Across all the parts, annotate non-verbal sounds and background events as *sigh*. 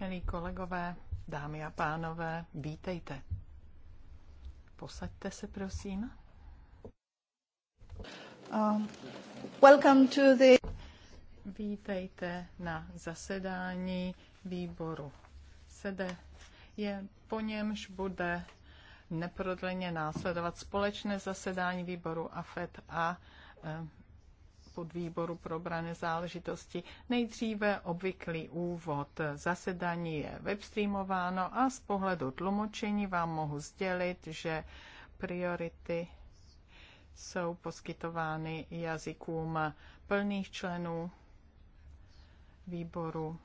Milí kolegové, dámy a pánové, vítejte. Posaďte se, prosím. Uh, welcome to the... Vítejte na zasedání výboru sede. Je po němž bude neprodleně následovat společné zasedání výboru AFET a eh, podvýboru pro obrané záležitosti. Nejdříve obvyklý úvod. Zasedání je webstreamováno a z pohledu tlumočení vám mohu sdělit, že priority jsou poskytovány jazykům plných členů výboru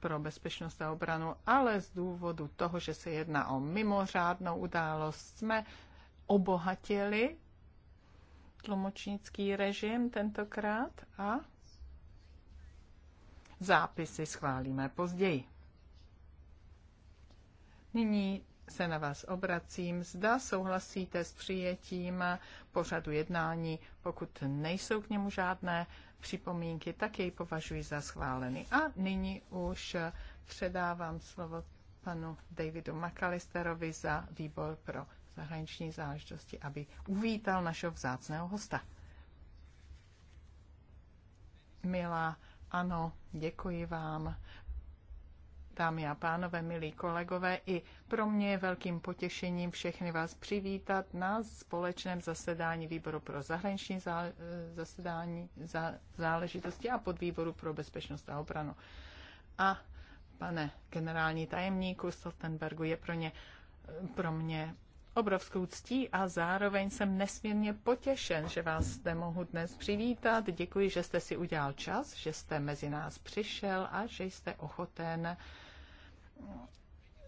pro bezpečnost a obranu, ale z důvodu toho, že se jedná o mimořádnou událost, jsme obohatili tlumočnický režim tentokrát a zápisy schválíme později. Nyní se na vás obracím. Zda souhlasíte s přijetím pořadu jednání, pokud nejsou k němu žádné připomínky, tak jej považuji za schválený. A nyní už předávám slovo panu Davidu McAllisterovi za výbor pro zahraniční záležitosti, aby uvítal našeho vzácného hosta. Milá, ano, děkuji vám. Dámy a pánové, milí kolegové, i pro mě je velkým potěšením všechny vás přivítat na společném zasedání výboru pro zahraniční zá, zasedání zá, záležitosti a podvýboru pro bezpečnost a obranu. A pane generální tajemníku Stoltenbergu, je pro, ně, pro mě obrovskou ctí a zároveň jsem nesmírně potěšen, že vás zde mohu dnes přivítat. Děkuji, že jste si udělal čas, že jste mezi nás přišel a že jste ochoten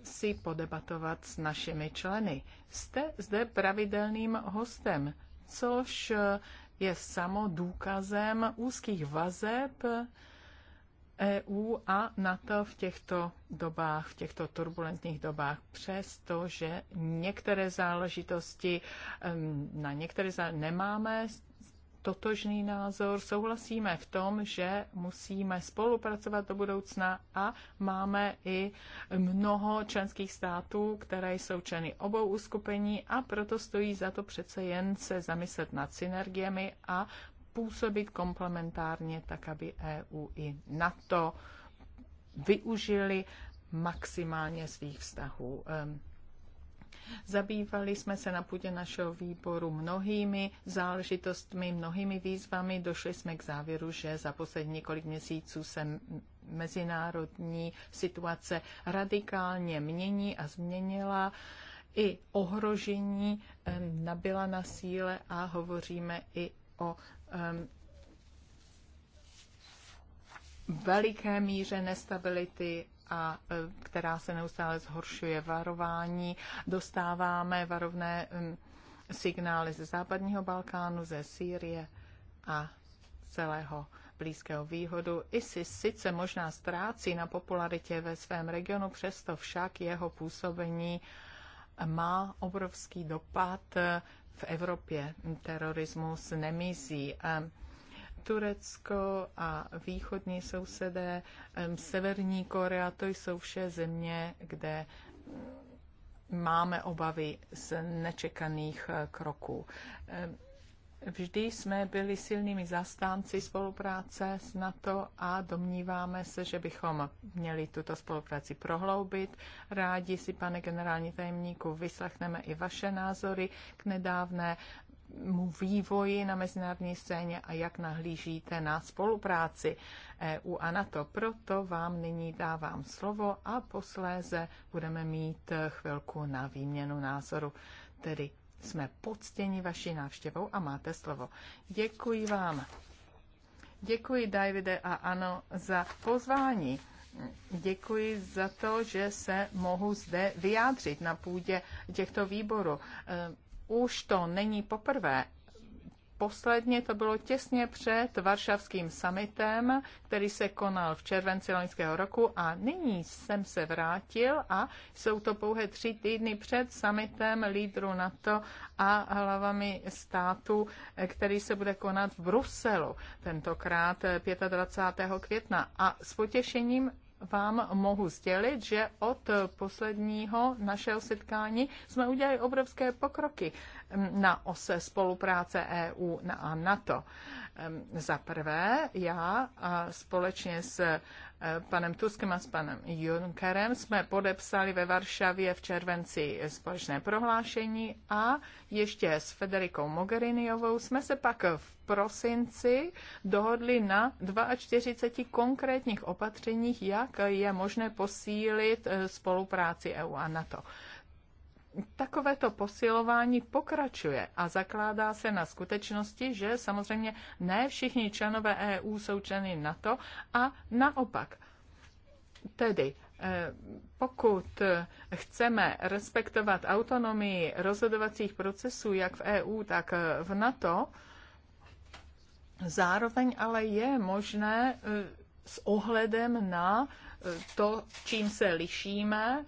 si podebatovat s našimi členy. Jste zde pravidelným hostem, což je samo důkazem úzkých vazeb EU a NATO v těchto dobách, v těchto turbulentních dobách, přestože že některé záležitosti, na některé záležitosti nemáme totožný názor, souhlasíme v tom, že musíme spolupracovat do budoucna a máme i mnoho členských států, které jsou členy obou uskupení a proto stojí za to přece jen se zamyslet nad synergiemi a působit komplementárně, tak aby EU i NATO využili maximálně svých vztahů. Ehm, zabývali jsme se na půdě našeho výboru mnohými záležitostmi, mnohými výzvami. Došli jsme k závěru, že za poslední několik měsíců se mezinárodní situace radikálně mění a změnila. I ohrožení ehm, nabyla na síle a hovoříme i o Ehm, veliké míře nestability a eh, která se neustále zhoršuje varování. Dostáváme varovné ehm, signály ze západního Balkánu, ze Sýrie a celého Blízkého východu. ISIS sice možná ztrácí na popularitě ve svém regionu, přesto však jeho působení má obrovský dopad v Evropě. Terorismus nemizí. Turecko a východní sousedé, Severní Korea, to jsou vše země, kde máme obavy z nečekaných eh, kroků. Vždy jsme byli silnými zastánci spolupráce s NATO a domníváme se, že bychom měli tuto spolupráci prohloubit. Rádi si, pane generální tajemníku, vyslechneme i vaše názory k nedávné vývoji na mezinárodní scéně a jak nahlížíte na spolupráci EU a NATO. Proto vám nyní dávám slovo a posléze budeme mít chvilku na výměnu názoru. Tedy jsme poctěni vaší návštěvou a máte slovo. Děkuji vám. Děkuji, Davide a Ano, za pozvání. Děkuji za to, že se mohu zde vyjádřit na půdě těchto výborů. Ehm, už to není poprvé, posledně to bylo těsně před varšavským summitem, který se konal v červenci loňského roku a nyní jsem se vrátil a jsou to pouhé tři týdny před summitem lídru NATO a hlavami státu, který se bude konat v Bruselu, tentokrát 25. Eh, května. A s potěšením vám mohu sdělit, že od posledního našeho setkání jsme udělali obrovské pokroky na ose spolupráce EU a NATO. Za prvé, já společně s e, panem Tuskem a s panem Junckerem jsme podepsali ve Varšavě v červenci společné prohlášení a ještě s Federikou Mogheriniovou jsme se pak v prosinci dohodli na 42 konkrétních opatřeních, jak je možné posílit e, spolupráci EU a NATO. Takovéto posilování pokračuje a zakládá se na skutečnosti, že samozřejmě ne všichni členové EU jsou členy NATO a naopak. Tedy eh, pokud chceme respektovat autonomii rozhodovacích procesů jak v EU, tak v NATO, zároveň ale je možné eh, s ohledem na eh, to, čím se lišíme,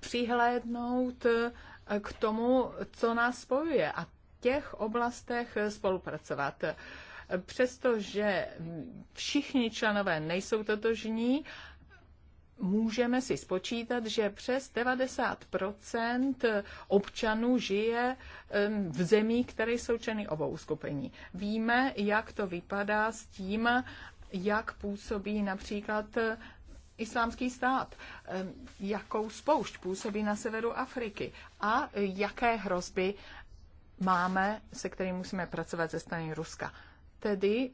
přihlédnout eh, k tomu, co nás spojuje a těch oblastech eh, spolupracovat. Přestože všichni členové nejsou totožní, můžeme si spočítat, že přes 90 občanů žije v zemí, které jsou členy obou skupiní. Víme, jak to vypadá s tím, jak působí například islámský stát, jakou spoušť působí na severu Afriky a jaké hrozby máme, se kterými musíme pracovat ze strany Ruska. Tedy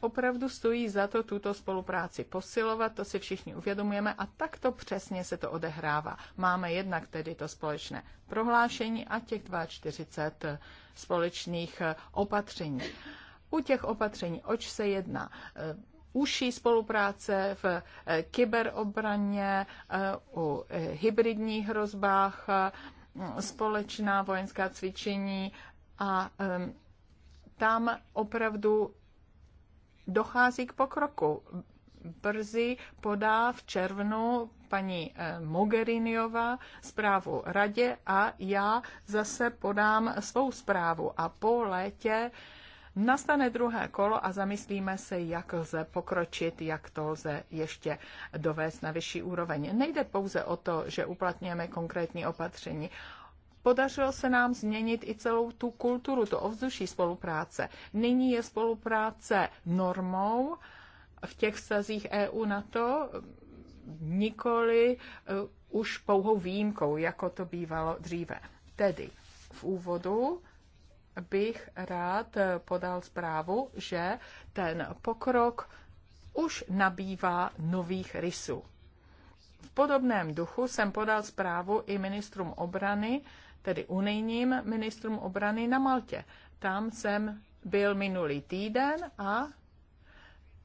opravdu stojí za to tuto spolupráci posilovat, to si všichni uvědomujeme a takto přesně se to odehrává. Máme jednak tedy to společné prohlášení a těch 42 eh, společných eh, opatření. U těch opatření, oč se jedná? Eh, užší spolupráce v eh, kyberobraně, eh, u eh, hybridních hrozbách, společná vojenská cvičení a ehm, tam opravdu dochází k pokroku. Brzy podá v červnu paní Mogheriniova zprávu radě a já zase podám svou zprávu. A po létě Nastane druhé kolo a zamyslíme se, jak lze pokročit, jak to lze ještě dovést na vyšší úroveň. Nejde pouze o to, že uplatňujeme konkrétní opatření. Podařilo se nám změnit i celou tu kulturu, to ovzduší spolupráce. Nyní je spolupráce normou v těch vztazích eu na to nikoli e, už pouhou výjimkou, jako to bývalo dříve. Tedy v úvodu bych rád eh, podal zprávu, že ten pokrok už nabývá nových rysů. V podobném duchu jsem podal zprávu i ministrům obrany, tedy unijním ministrům obrany na Maltě. Tam jsem byl minulý týden a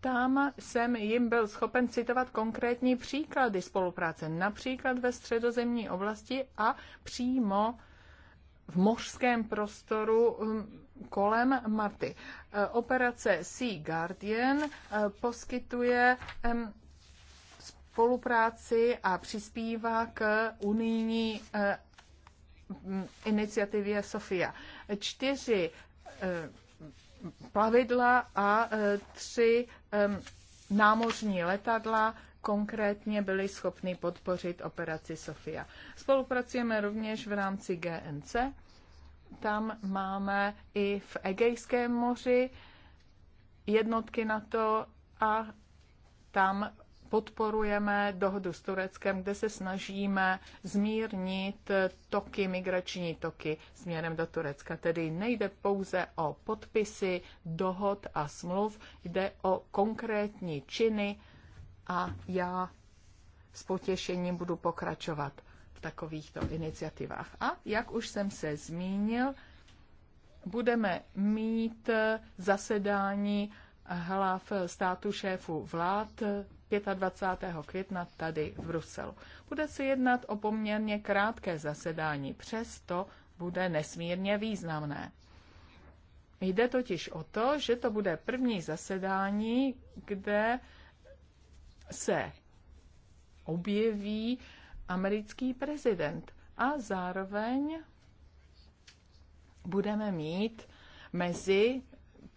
tam jsem jim byl schopen citovat konkrétní příklady spolupráce, například ve středozemní oblasti a přímo v mořském prostoru hm, kolem Marty. E, operace Sea Guardian e, poskytuje hm, spolupráci a přispívá k unijní e, hm, iniciativě Sofia. Čtyři plavidla a tři námořní letadla konkrétně byli schopni podpořit operaci Sofia. Spolupracujeme rovněž v rámci GNC tam máme i v Egejském moři jednotky na to a tam podporujeme dohodu s Tureckem, kde se snažíme zmírnit toky, migrační toky směrem do Turecka. Tedy nejde pouze o podpisy dohod a smluv, jde o konkrétní činy a já s potěšením budu pokračovat takovýchto iniciativách. A jak už jsem se zmínil, budeme mít zasedání hlav státu šéfů vlád 25. května tady v Bruselu. Bude se jednat o poměrně krátké zasedání, přesto bude nesmírně významné. Jde totiž o to, že to bude první zasedání, kde se objeví americký prezident. A zároveň budeme mít mezi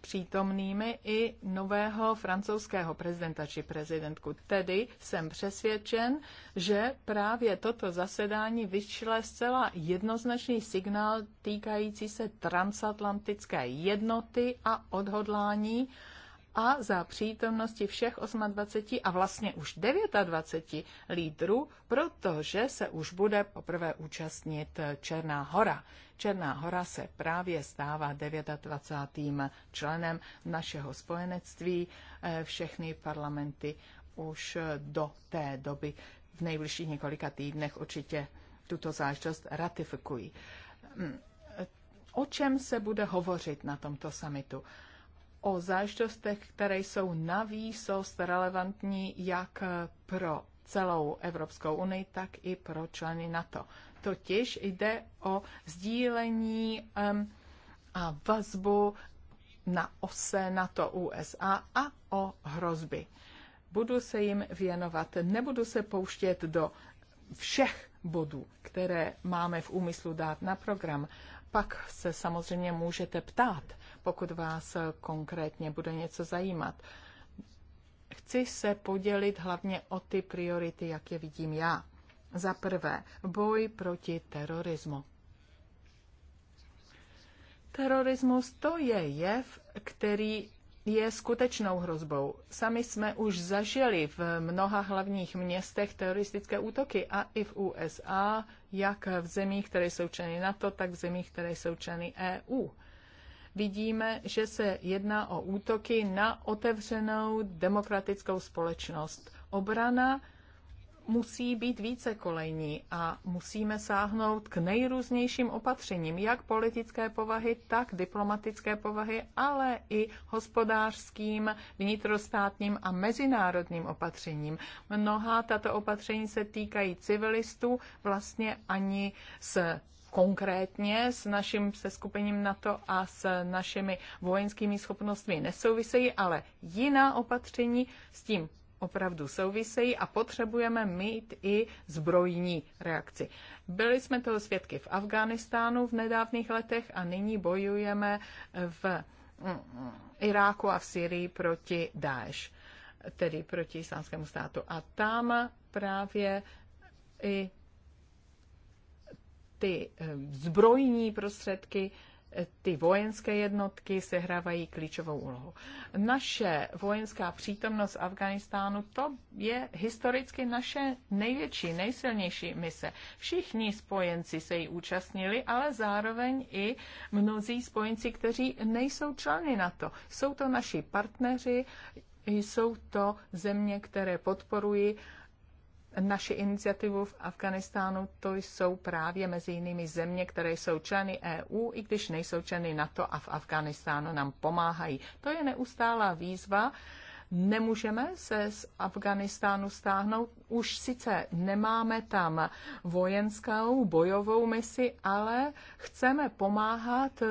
přítomnými i nového francouzského prezidenta či prezidentku. Tedy jsem přesvědčen, že právě toto zasedání vyšle zcela jednoznačný signál týkající se transatlantické jednoty a odhodlání a za přítomnosti všech 28 a vlastně už 29 lídrů, protože se už bude poprvé účastnit Černá hora. Černá hora se právě stává 29. členem našeho spojenectví. Eh, všechny parlamenty už do té doby v nejbližších několika týdnech určitě tuto záležitost ratifikují. Mm, o čem se bude hovořit na tomto samitu? o záležitostech, které jsou na výsost relevantní jak pro celou Evropskou unii, tak i pro členy NATO. Totiž jde o sdílení um, a vazbu na ose NATO-USA a o hrozby. Budu se jim věnovat, nebudu se pouštět do všech bodů, které máme v úmyslu dát na program. Pak se samozřejmě můžete ptát, pokud vás konkrétně bude něco zajímat. Chci se podělit hlavně o ty priority, jak je vidím já. Za prvé, boj proti terorismu. Terorismus to je jev, který je skutečnou hrozbou. Sami jsme už zažili v mnoha hlavních městech teroristické útoky a i v USA, jak v zemích, které jsou členy NATO, tak v zemích, které jsou členy EU vidíme, že se jedná o útoky na otevřenou demokratickou společnost. Obrana musí být více kolejní a musíme sáhnout k nejrůznějším opatřením, jak politické povahy, tak diplomatické povahy, ale i hospodářským, vnitrostátním a mezinárodním opatřením. Mnohá tato opatření se týkají civilistů, vlastně ani s konkrétně s naším seskupením NATO a s našimi vojenskými schopnostmi nesouvisejí, ale jiná opatření s tím opravdu souvisejí a potřebujeme mít i zbrojní reakci. Byli jsme toho svědky v Afghánistánu v nedávných letech a nyní bojujeme v mm, Iráku a v Syrii proti Daesh, tedy proti islámskému státu. A tam právě i ty eh, zbrojní prostředky, eh, ty vojenské jednotky sehrávají klíčovou úlohu. Naše vojenská přítomnost v Afganistánu, to je historicky naše největší, nejsilnější mise. Všichni spojenci se jí účastnili, ale zároveň i mnozí spojenci, kteří nejsou členy NATO. Jsou to naši partneři, jsou to země, které podporují uh, naši iniciativu v Afganistánu, to jsou právě mezi jinými země, které jsou členy EU, i když nejsou členy NATO a v Afganistánu nám pomáhají. To je neustálá výzva. Nemůžeme se z Afganistánu stáhnout. Už sice nemáme tam vojenskou bojovou misi, ale chceme pomáhat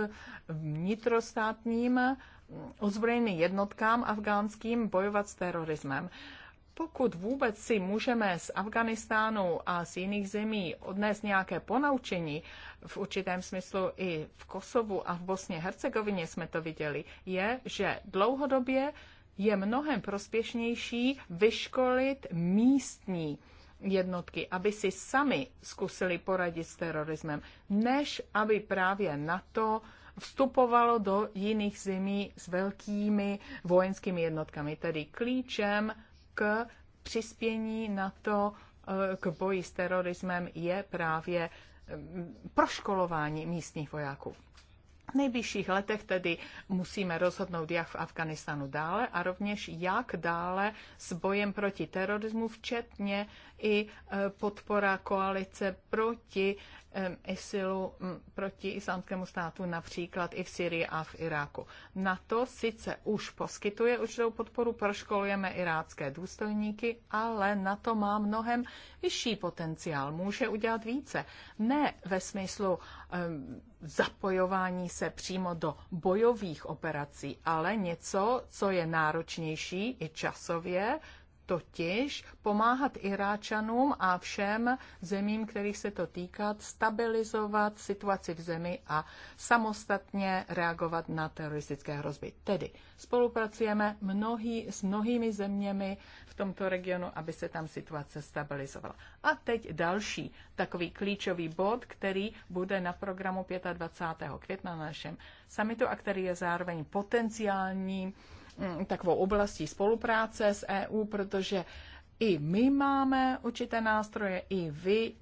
vnitrostátním ozbrojeným jednotkám afgánským bojovat s terorismem pokud vůbec si můžeme z Afganistánu a z jiných zemí odnést nějaké ponaučení, v určitém smyslu i v Kosovu a v Bosně Hercegovině jsme to viděli, je, že dlouhodobě je mnohem prospěšnější vyškolit místní jednotky, aby si sami zkusili poradit s terorismem, než aby právě NATO vstupovalo do jiných zemí s velkými vojenskými jednotkami. Tedy klíčem k přispění na to, eh, k boji s terorismem je právě mm, proškolování místních vojáků. V nejbližších letech tedy musíme rozhodnout, jak v Afganistánu dále a rovněž jak dále s bojem proti terorismu, včetně i e, podpora koalice proti e, ISILu, proti islámskému státu, například i v Syrii a v Iráku. Na to sice už poskytuje určitou podporu, proškolujeme irácké důstojníky, ale na to má mnohem vyšší potenciál. Může udělat více. Ne ve smyslu um, zapojování se přímo do bojových operací, ale něco, co je náročnější i časově, totiž pomáhat Iráčanům a všem zemím, kterých se to týká, stabilizovat situaci v zemi a samostatně reagovat na teroristické hrozby. Tedy spolupracujeme mnohý, s mnohými zeměmi v tomto regionu, aby se tam situace stabilizovala. A teď další takový klíčový bod, který bude na programu 25. května na našem summitu a který je zároveň potenciálním Mm, takovou oblastí spolupráce s EU, protože i my máme určité nástroje, i vy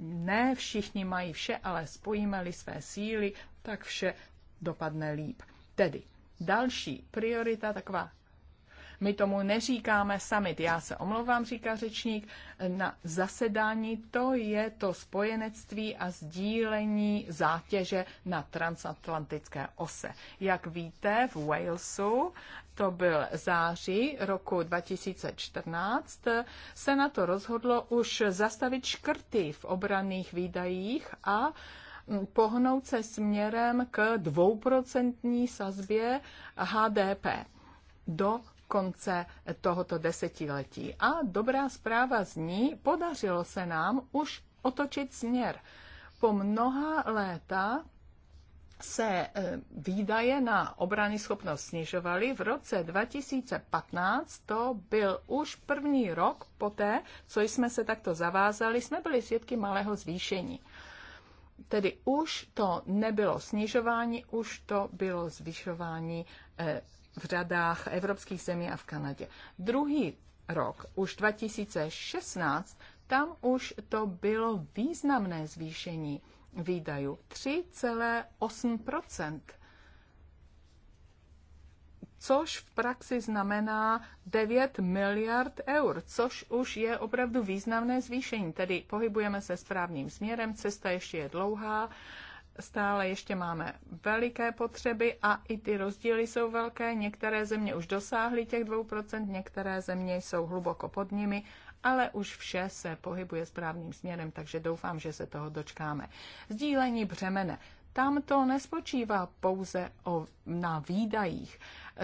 ne všichni mají vše, ale spojíme-li své síly, tak vše dopadne líp. Tedy další priorita, taková my tomu neříkáme summit. Já se omlouvám, říká řečník, na zasedání to je to spojenectví a sdílení zátěže na transatlantické ose. Jak víte, v Walesu to byl září roku 2014, se na to rozhodlo už zastavit škrty v obraných výdajích a pohnout se směrem k dvouprocentní sazbě HDP do konce tohoto desetiletí. A dobrá zpráva zní, podařilo se nám už otočit směr. Po mnoha léta se eh, výdaje na obrany schopnost snižovaly. V roce 2015 to byl už první rok poté, co jsme se takto zavázali, jsme byli svědky malého zvýšení. Tedy už to nebylo snižování, už to bylo zvyšování eh, v řadách evropských zemí a v Kanadě. Druhý rok, už 2016, tam už to bylo významné zvýšení výdajů 3,8 což v praxi znamená 9 miliard eur, což už je opravdu významné zvýšení. Tedy pohybujeme se správným směrem, cesta ještě je dlouhá Stále ještě máme veliké potřeby a i ty rozdíly jsou velké. Některé země už dosáhly těch 2%, některé země jsou hluboko pod nimi, ale už vše se pohybuje správným směrem, takže doufám, že se toho dočkáme. Sdílení břemene tam to nespočívá pouze o, na výdajích,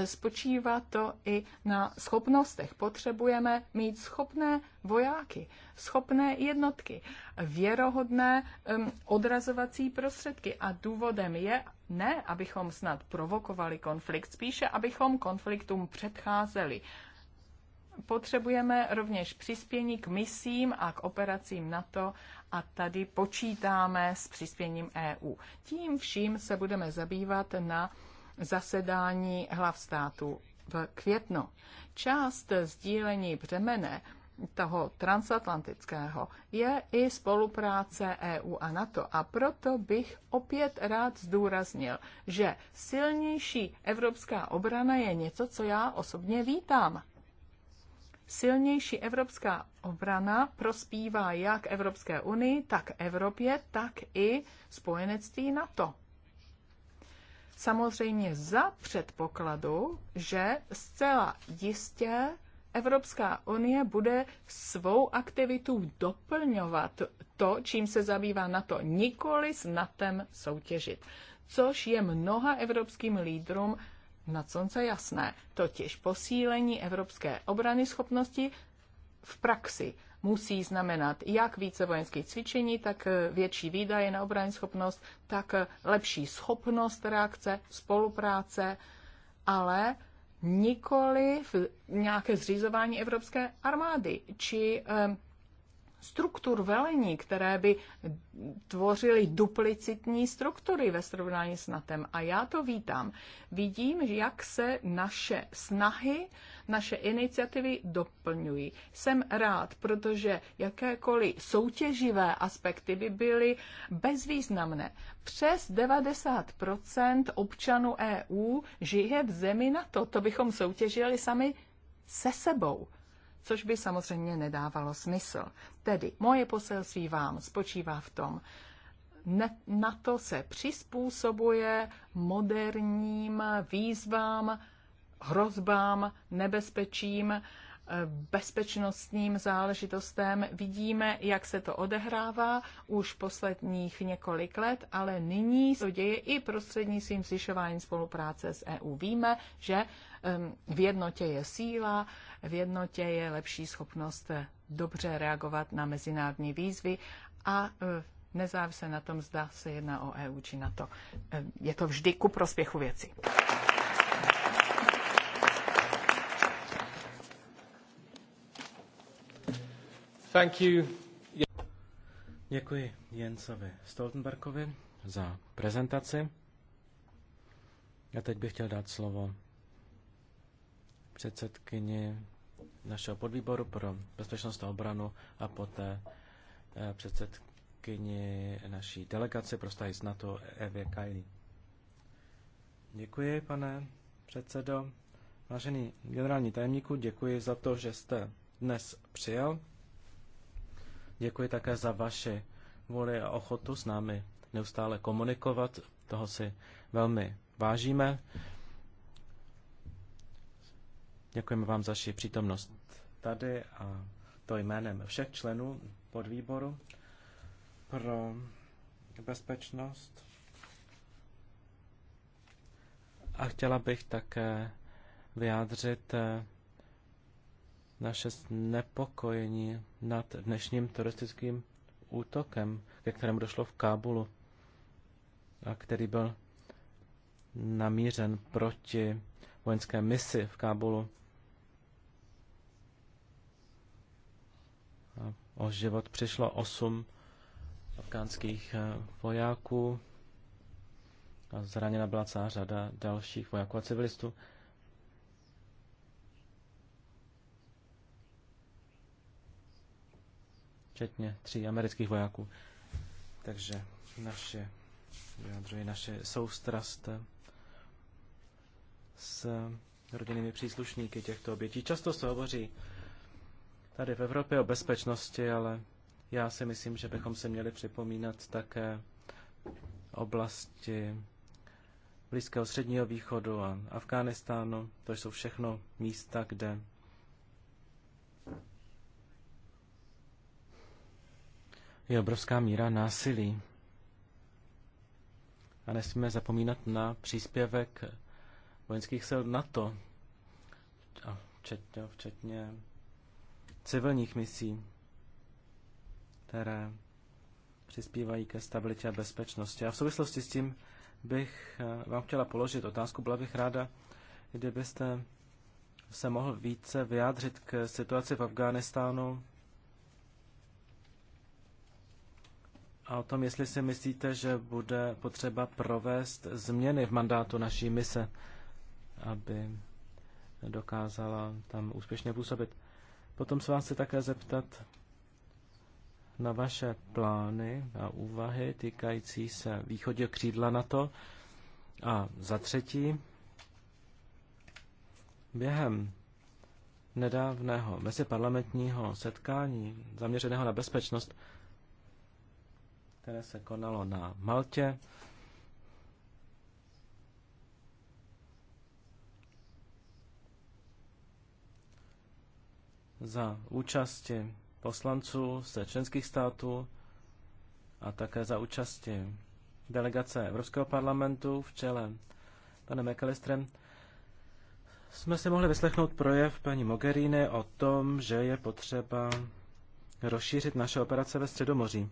spočívá to i na schopnostech. Potřebujeme mít schopné vojáky, schopné jednotky, věrohodné um, odrazovací prostředky. A důvodem je ne, abychom snad provokovali konflikt, spíše abychom konfliktům předcházeli. Potřebujeme rovněž přispění k misím a k operacím NATO a tady počítáme s přispěním EU. Tím vším se budeme zabývat na zasedání hlav států v květnu. Část sdílení břemene toho transatlantického je i spolupráce EU a NATO. A proto bych opět rád zdůraznil, že silnější evropská obrana je něco, co já osobně vítám. Silnější evropská obrana prospívá jak Evropské unii, tak Evropě, tak i spojenectví NATO. Samozřejmě za předpokladu, že zcela jistě Evropská unie bude svou aktivitu doplňovat to, čím se zabývá NATO, nikoli s NATO soutěžit, což je mnoha evropským lídrům na slunce jasné, totiž posílení evropské obrany schopnosti v praxi musí znamenat jak více vojenských cvičení, tak eh, větší výdaje na obrany schopnost, tak eh, lepší schopnost reakce, spolupráce, ale nikoli v nějaké zřizování evropské armády či eh, struktur velení, které by tvořily duplicitní struktury ve srovnání s NATEM. A já to vítám. Vidím, jak se naše snahy, naše iniciativy doplňují. Jsem rád, protože jakékoliv soutěživé aspekty by byly bezvýznamné. Přes 90 občanů EU žije v zemi NATO. To bychom soutěžili sami se sebou což by samozřejmě nedávalo smysl. Tedy moje poselství vám spočívá v tom, ne, na to se přizpůsobuje moderním výzvám, hrozbám, nebezpečím, bezpečnostním záležitostem. Vidíme, jak se to odehrává už posledních několik let, ale nyní se to děje i prostřednictvím zvyšování spolupráce s EU. Víme, že v jednotě je síla, v jednotě je lepší schopnost dobře reagovat na mezinárodní výzvy a e, nezávisle na tom, zda se jedná o EU či na to. Je to vždy ku prospěchu věci. Thank you. Děkuji Jensovi Stoltenbergovi za prezentaci. Já teď bych chtěl dát slovo předsedkyni našeho podvýboru pro bezpečnost a obranu a poté eh, předsedkyni naší delegace pro vztahy z NATO Evě Kajlí. Děkuji, pane předsedo. Vážený generální tajemníku, děkuji za to, že jste dnes přijel Děkuji také za vaše vůli a ochotu s námi neustále komunikovat. Toho si velmi vážíme. Děkujeme vám za vaši přítomnost tady a to jménem všech členů podvýboru pro bezpečnost. A chtěla bych také vyjádřit eh, naše znepokojení nad dnešním teroristickým útokem, ke kterému došlo v Kábulu a který byl namířen proti vojenské misi v Kábulu. A o život přišlo osm afgánských eh, vojáků a zraněna byla celá řada dalších vojáků a civilistů. včetně tří amerických vojáků. Takže naše, vyjadřuji naše soustrast s rodinnými příslušníky těchto obětí. Často se hovoří tady v Evropě o bezpečnosti, ale já si myslím, že bychom se měli připomínat také oblasti Blízkého středního východu a Afghánistánu. To jsou všechno místa, kde je obrovská míra násilí. A nesmíme zapomínat na příspěvek vojenských sil NATO, včetně, včetně civilních misí, které přispívají ke stabilitě a bezpečnosti. A v souvislosti s tím bych eh, vám chtěla položit otázku. Byla bych ráda, kdybyste se mohl více vyjádřit k situaci v Afghánistánu a o tom, jestli si myslíte, že bude potřeba provést změny v mandátu naší mise, aby dokázala tam úspěšně působit. Potom se vás chci také zeptat na vaše plány a úvahy týkající se východě křídla na to. A za třetí, během nedávného meziparlamentního setkání zaměřeného na bezpečnost které se konalo na Maltě. Za účasti poslanců ze členských států a také za účasti delegace Evropského parlamentu v čele panem McAllisterem jsme si mohli vyslechnout projev paní Mogherini o tom, že je potřeba rozšířit naše operace ve Středomoří.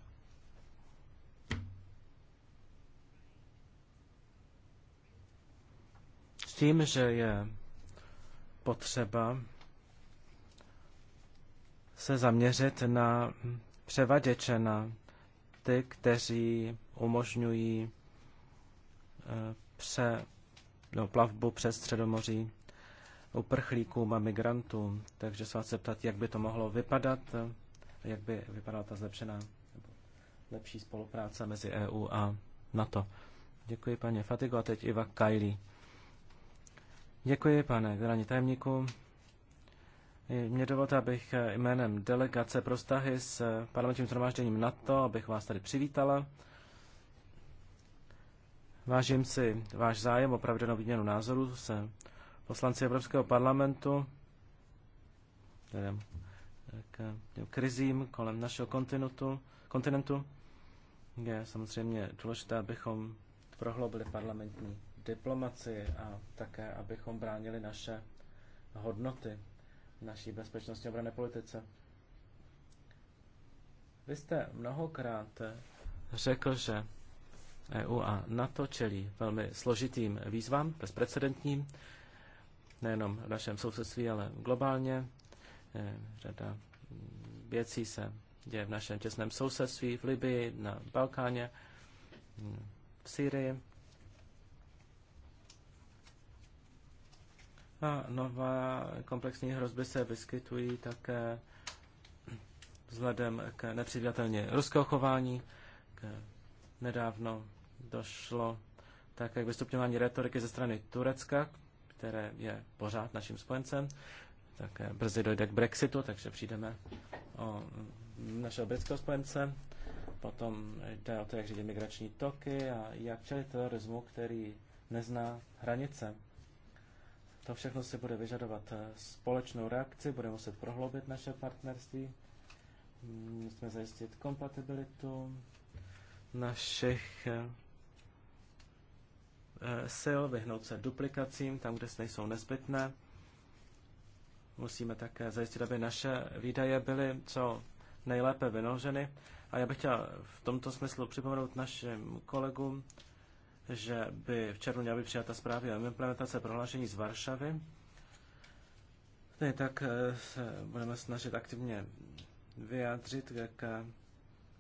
tím, že je potřeba se zaměřit na převaděče, na ty, kteří umožňují eh, pře, no, plavbu přes Středomoří uprchlíkům a migrantům. Takže se vás ptat, jak by to mohlo vypadat, eh, jak by vypadala ta zlepšená lepší spolupráce mezi EU a NATO. Děkuji paní Fatigo a teď Iva Kajlí. Děkuji, pane generální tajemníku. Mě dovolte, abych jménem delegace pro vztahy s parlamentním zhromážděním NATO, abych vás tady přivítala. Vážím si váš zájem o pravidelnou výměnu názorů se poslanci Evropského parlamentu k krizím kolem našeho kontinentu, kontinentu. Je samozřejmě důležité, abychom prohloubili parlamentní diplomacii a také, abychom bránili naše hodnoty naší bezpečnostní obrané politice. Vy jste mnohokrát řekl, že EU a NATO čelí velmi složitým výzvám, bezprecedentním, nejenom v našem sousedství, ale globálně. E, řada věcí se děje v našem těsném sousedství, v Libii, na Balkáně, v Syrii. A nové komplexní hrozby se vyskytují také vzhledem k nepředvídatelně ruského chování. K nedávno došlo také k vystupňování retoriky ze strany Turecka, které je pořád naším spojencem. Také brzy dojde k Brexitu, takže přijdeme o našeho britského spojence. Potom jde o to, jak řídit migrační toky a jak čelit terorismu, který nezná hranice. To všechno si bude vyžadovat eh, společnou reakci, budeme muset prohloubit naše partnerství, musíme zajistit kompatibilitu našich eh, eh, sil, vyhnout se duplikacím tam, kde nejsou nezbytné. Musíme také zajistit, aby naše výdaje byly co nejlépe vynoženy. A já bych chtěl v tomto smyslu připomenout našim kolegům, že by v červnu měla být přijata zprávy o implementace prohlášení z Varšavy. Stejně tak eh, se budeme snažit aktivně vyjádřit k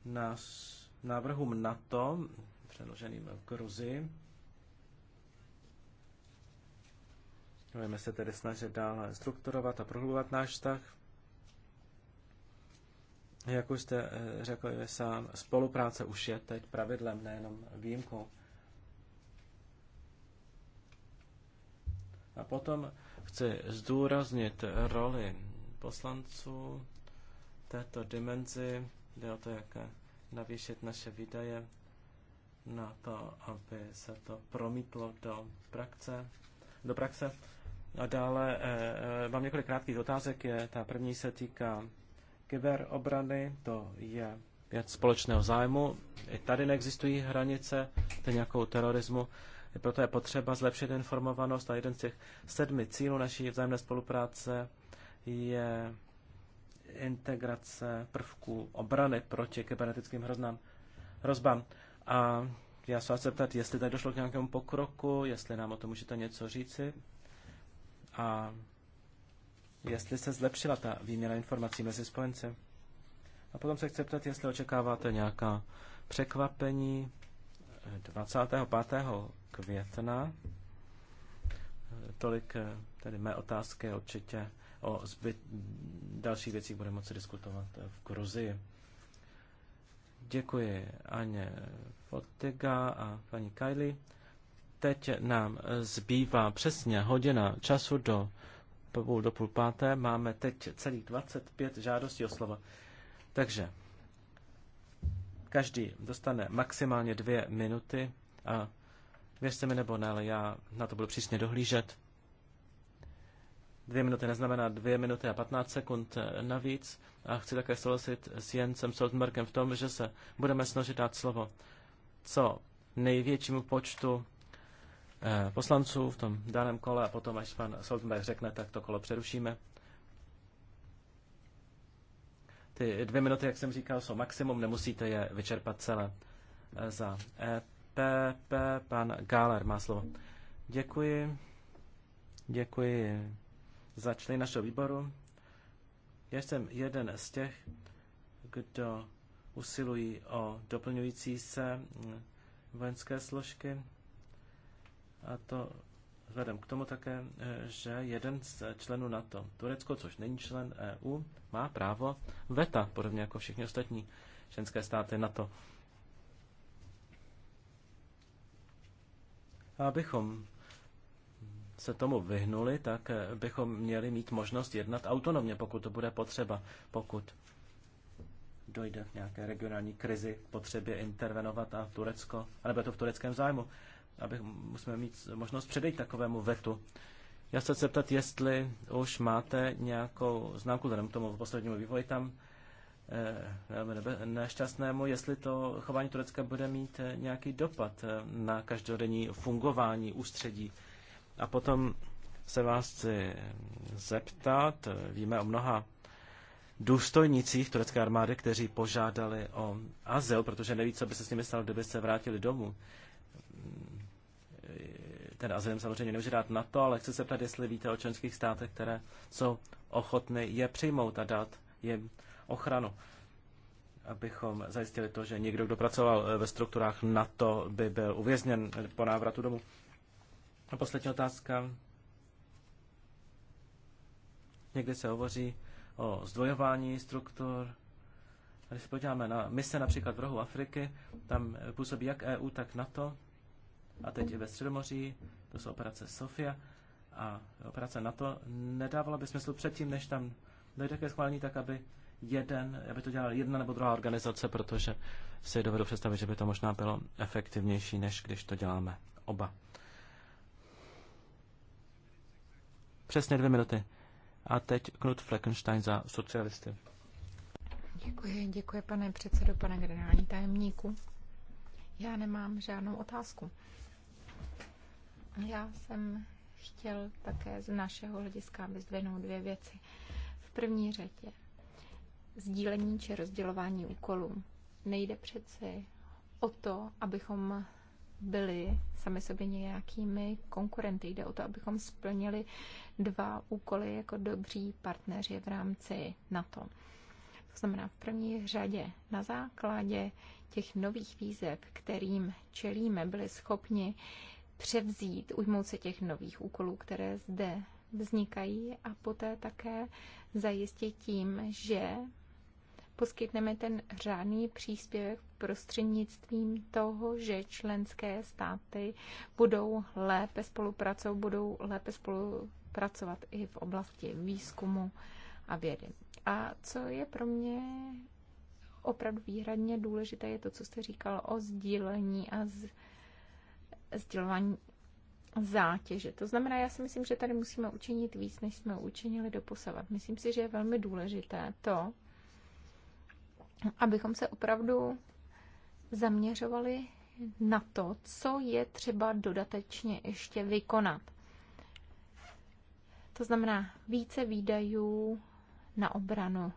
nás návrhům NATO, předloženým v Gruzii. Budeme se tedy snažit dále strukturovat a prohlubovat náš vztah. Jak už jste eh, řekl vy sám, spolupráce už je teď pravidlem, nejenom výjimkou. A potom chci zdůraznit roli poslanců této dimenzi, jde o to, jak navýšit naše výdaje na to, aby se to promítlo do praxe. Do praxe. A dále e, mám několik krátkých otázek. Je, ta první se týká kyberobrany, to je věc společného zájmu. I tady neexistují hranice, ten nějakou terorismu. Proto je potřeba zlepšit informovanost a jeden z těch sedmi cílů naší vzájemné spolupráce je integrace prvků obrany proti kybernetickým hroznám, hrozbám. A já se vás zeptat, jestli tady došlo k nějakému pokroku, jestli nám o tom můžete něco říci a jestli se zlepšila ta výměna informací mezi spojenci. A potom se chci zeptat, jestli očekáváte nějaká překvapení 25 května. Tolik eh, tedy mé otázky určitě o zbyt dalších věcích budeme moci diskutovat eh, v Gruzii. Děkuji Aně Fotiga a paní Kylie. Teď nám zbývá přesně hodina času do půl, do půl páté. Máme teď celých 25 žádostí o slova. Takže každý dostane maximálně dvě minuty a Věřte mi nebo ne, ale já na to budu přísně dohlížet. Dvě minuty neznamená dvě minuty a patnáct sekund navíc. A chci také souhlasit s Jencem Stoltenbergem v tom, že se budeme snažit dát slovo co největšímu počtu eh, poslanců v tom daném kole a potom, až pan Stoltenberg řekne, tak to kolo přerušíme. Ty dvě minuty, jak jsem říkal, jsou maximum, nemusíte je vyčerpat celé eh, za e. P pan Gáler má slovo. Děkuji. Děkuji za členy našeho výboru. Já jsem jeden z těch, kdo usilují o doplňující se vojenské složky. A to vzhledem k tomu také, že jeden z členů NATO, Turecko, což není člen EU, má právo veta, podobně jako všichni ostatní členské státy NATO. abychom se tomu vyhnuli, tak eh, bychom měli mít možnost jednat autonomně, pokud to bude potřeba, pokud dojde k nějaké regionální krizi, potřebě intervenovat a Turecko, nebo to v tureckém zájmu, aby musíme mít možnost předejít takovému vetu. Já se chci zeptat, jestli už máte nějakou známku vzhledem k tomu poslednímu vývoji tam, Eh, velmi nešťastnému, jestli to chování Turecka bude mít eh, nějaký dopad eh, na každodenní fungování ústředí. A potom se vás chci zeptat, víme o mnoha důstojnicích turecké armády, kteří požádali o azyl, protože neví, co by se s nimi stalo, kdyby se vrátili domů. Ten azyl samozřejmě nemůže dát na to, ale chci se ptát, jestli víte o členských státech, které jsou ochotny je přijmout a dát jim ochranu, abychom zajistili to, že někdo, kdo pracoval eh, ve strukturách NATO, by byl uvězněn eh, po návratu domů. A poslední otázka. Někdy se hovoří o zdvojování struktur. Když se podíváme na mise například v rohu Afriky, tam eh, působí jak EU, tak NATO. A teď i ve Středomoří, to jsou operace Sofia a operace NATO. Nedávala by smysl předtím, než tam dojde ke schválení, tak aby jeden, aby to dělala jedna nebo druhá organizace, protože si dovedu představit, že by to možná bylo efektivnější, než když to děláme oba. Přesně dvě minuty. A teď Knut Fleckenstein za socialisty. Děkuji, děkuji pane předsedo, pane generální tajemníku. Já nemám žádnou otázku. Já jsem chtěl také z našeho hlediska vyzdvinout dvě věci. V první řadě sdílení či rozdělování úkolů. Nejde přeci o to, abychom byli sami sobě nějakými konkurenty. Jde o to, abychom splnili dva úkoly jako dobří partneři v rámci NATO. To znamená v první řadě na základě těch nových výzev, kterým čelíme, byli schopni převzít, ujmout se těch nových úkolů, které zde vznikají a poté také zajistit tím, že poskytneme ten řádný příspěvek prostřednictvím toho, že členské státy budou lépe spolupracovat, budou lépe spolupracovat i v oblasti výzkumu a vědy. A co je pro mě opravdu výhradně důležité, je to, co jste říkal o sdílení a z, sdělování zátěže. To znamená, já si myslím, že tady musíme učinit víc, než jsme učinili doposavat. Myslím si, že je velmi důležité to, abychom se opravdu zaměřovali na to, co je třeba dodatečně ještě vykonat. To znamená více výdajů na obranu.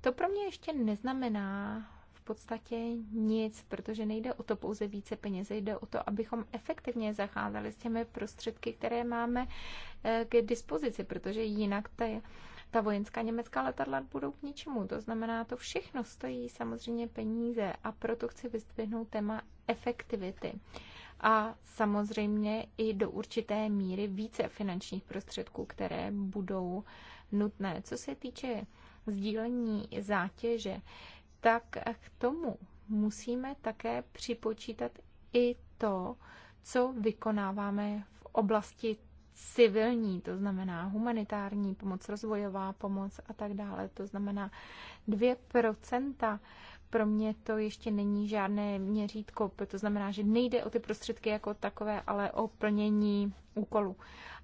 To pro mě ještě neznamená podstatě nic, protože nejde o to pouze více peněz, jde o to, abychom efektivně zacházeli s těmi prostředky, které máme eh, k dispozici, protože jinak ta, ta vojenská německá letadla budou k ničemu. To znamená, to všechno stojí samozřejmě peníze a proto chci vyzdvihnout téma efektivity. A samozřejmě i do určité míry více finančních prostředků, které budou nutné. Co se týče sdílení zátěže, tak k tomu musíme také připočítat i to, co vykonáváme v oblasti civilní, to znamená humanitární pomoc, rozvojová pomoc a tak dále. To znamená 2%. Pro mě to ještě není žádné měřítko, to znamená, že nejde o ty prostředky jako takové, ale o plnění úkolu.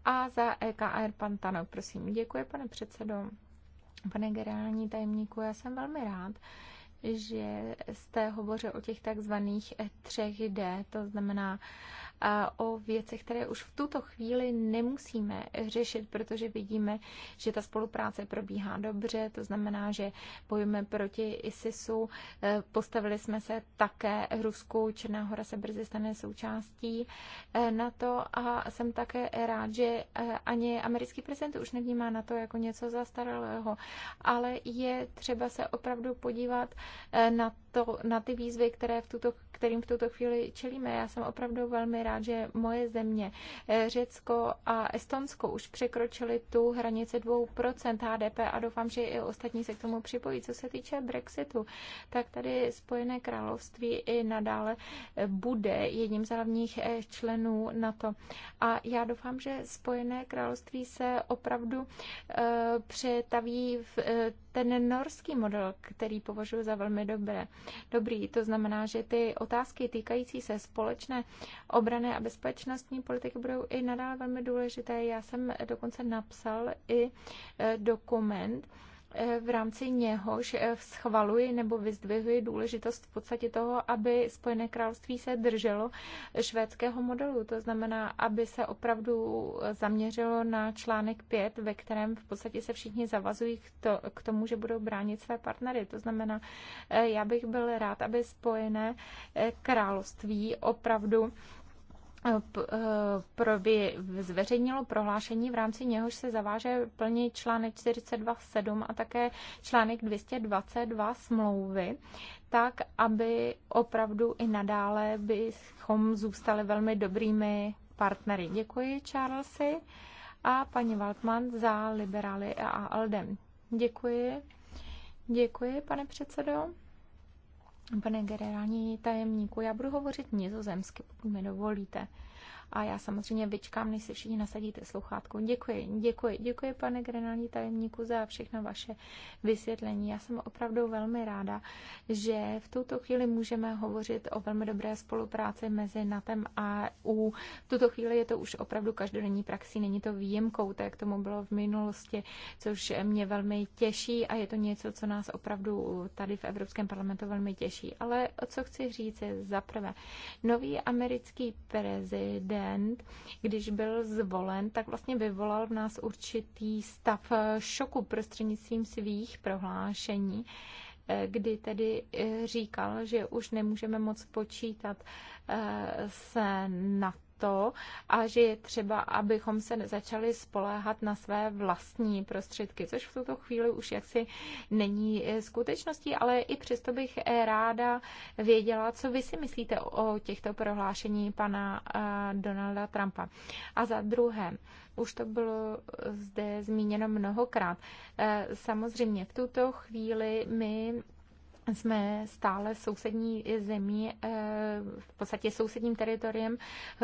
A za EKR pan Tanok, prosím. Děkuji, pane předsedo. Pane generální tajemníku, já jsem velmi rád, že jste hovořil o těch takzvaných třech D, to znamená o věcech, které už v tuto chvíli nemusíme řešit, protože vidíme, že ta spolupráce probíhá dobře, to znamená, že bojujeme proti ISISu, e, postavili jsme se také Rusku, Černá hora se brzy stane součástí e, na to a jsem také rád, že e, ani americký prezident už nevnímá na to jako něco zastaralého, ale je třeba se opravdu podívat Eh, na to, na ty výzvy, které v tuto, kterým v tuto chvíli čelíme. Já jsem opravdu velmi rád, že moje země, eh, Řecko a Estonsko, už překročili tu hranici 2% HDP a doufám, že i ostatní se k tomu připojí. Co se týče Brexitu, tak tady Spojené království i nadále eh, bude jedním z hlavních eh, členů NATO. A já doufám, že Spojené království se opravdu přetaví v ten norský model, který považuji za velmi dobré dobrý. To znamená, že ty otázky týkající se společné obrany a bezpečnostní politiky budou i nadále velmi důležité. Já jsem dokonce napsal i eh, dokument, v rámci něhož eh, schvaluji nebo vyzdvihuji důležitost v podstatě toho, aby Spojené království se drželo švédského modelu. To znamená, aby se opravdu zaměřilo na článek 5, ve kterém v podstatě se všichni zavazují k, k tomu, že budou bránit své partnery. To znamená, eh, já bych byl rád, aby Spojené eh, království opravdu by eh, zveřejnilo prohlášení, v rámci něhož se zaváže plně článek 42.7 a také článek 222 smlouvy, tak, aby opravdu i nadále bychom zůstali velmi dobrými partnery. Děkuji, Charlesy a paní Waltman za liberály a ALDEM. Děkuji. Děkuji, pane předsedo. Pane generální tajemníku, já budu hovořit nizozemsky, pokud mi dovolíte a já samozřejmě vyčkám, než si všichni nasadíte sluchátku. Děkuji, děkuji, děkuji pane generální tajemníku za všechno vaše vysvětlení. Já jsem opravdu velmi ráda, že v tuto chvíli můžeme hovořit o velmi dobré spolupráci mezi NATem a EU. V tuto chvíli je to už opravdu každodenní praxí, není to výjimkou, tak tomu bylo v minulosti, což mě velmi těší a je to něco, co nás opravdu tady v Evropském parlamentu velmi těší. Ale o co chci říct je zaprvé, nový americký prezident prezident, když byl zvolen, tak vlastně vyvolal v nás určitý stav eh, šoku prostřednictvím svých prohlášení, eh, kdy tedy eh, říkal, že už nemůžeme moc počítat se na to a že je třeba, abychom se začali spoléhat na své vlastní prostředky, což v tuto chvíli už jaksi není eh, skutečností, ale i přesto bych eh, ráda věděla, co vy si myslíte o těchto prohlášení pana eh, Donalda Trumpa. A za druhé, už to bylo zde zmíněno mnohokrát. Samozřejmě v tuto chvíli my jsme stále sousední zemí, eh, v podstatě sousedním teritoriem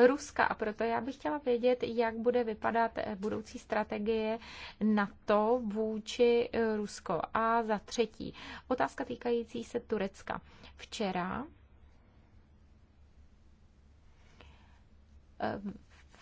Ruska. A proto já bych chtěla vědět, jak bude vypadat eh, budoucí strategie NATO vůči eh, Rusko. A za třetí, otázka týkající se Turecka. Včera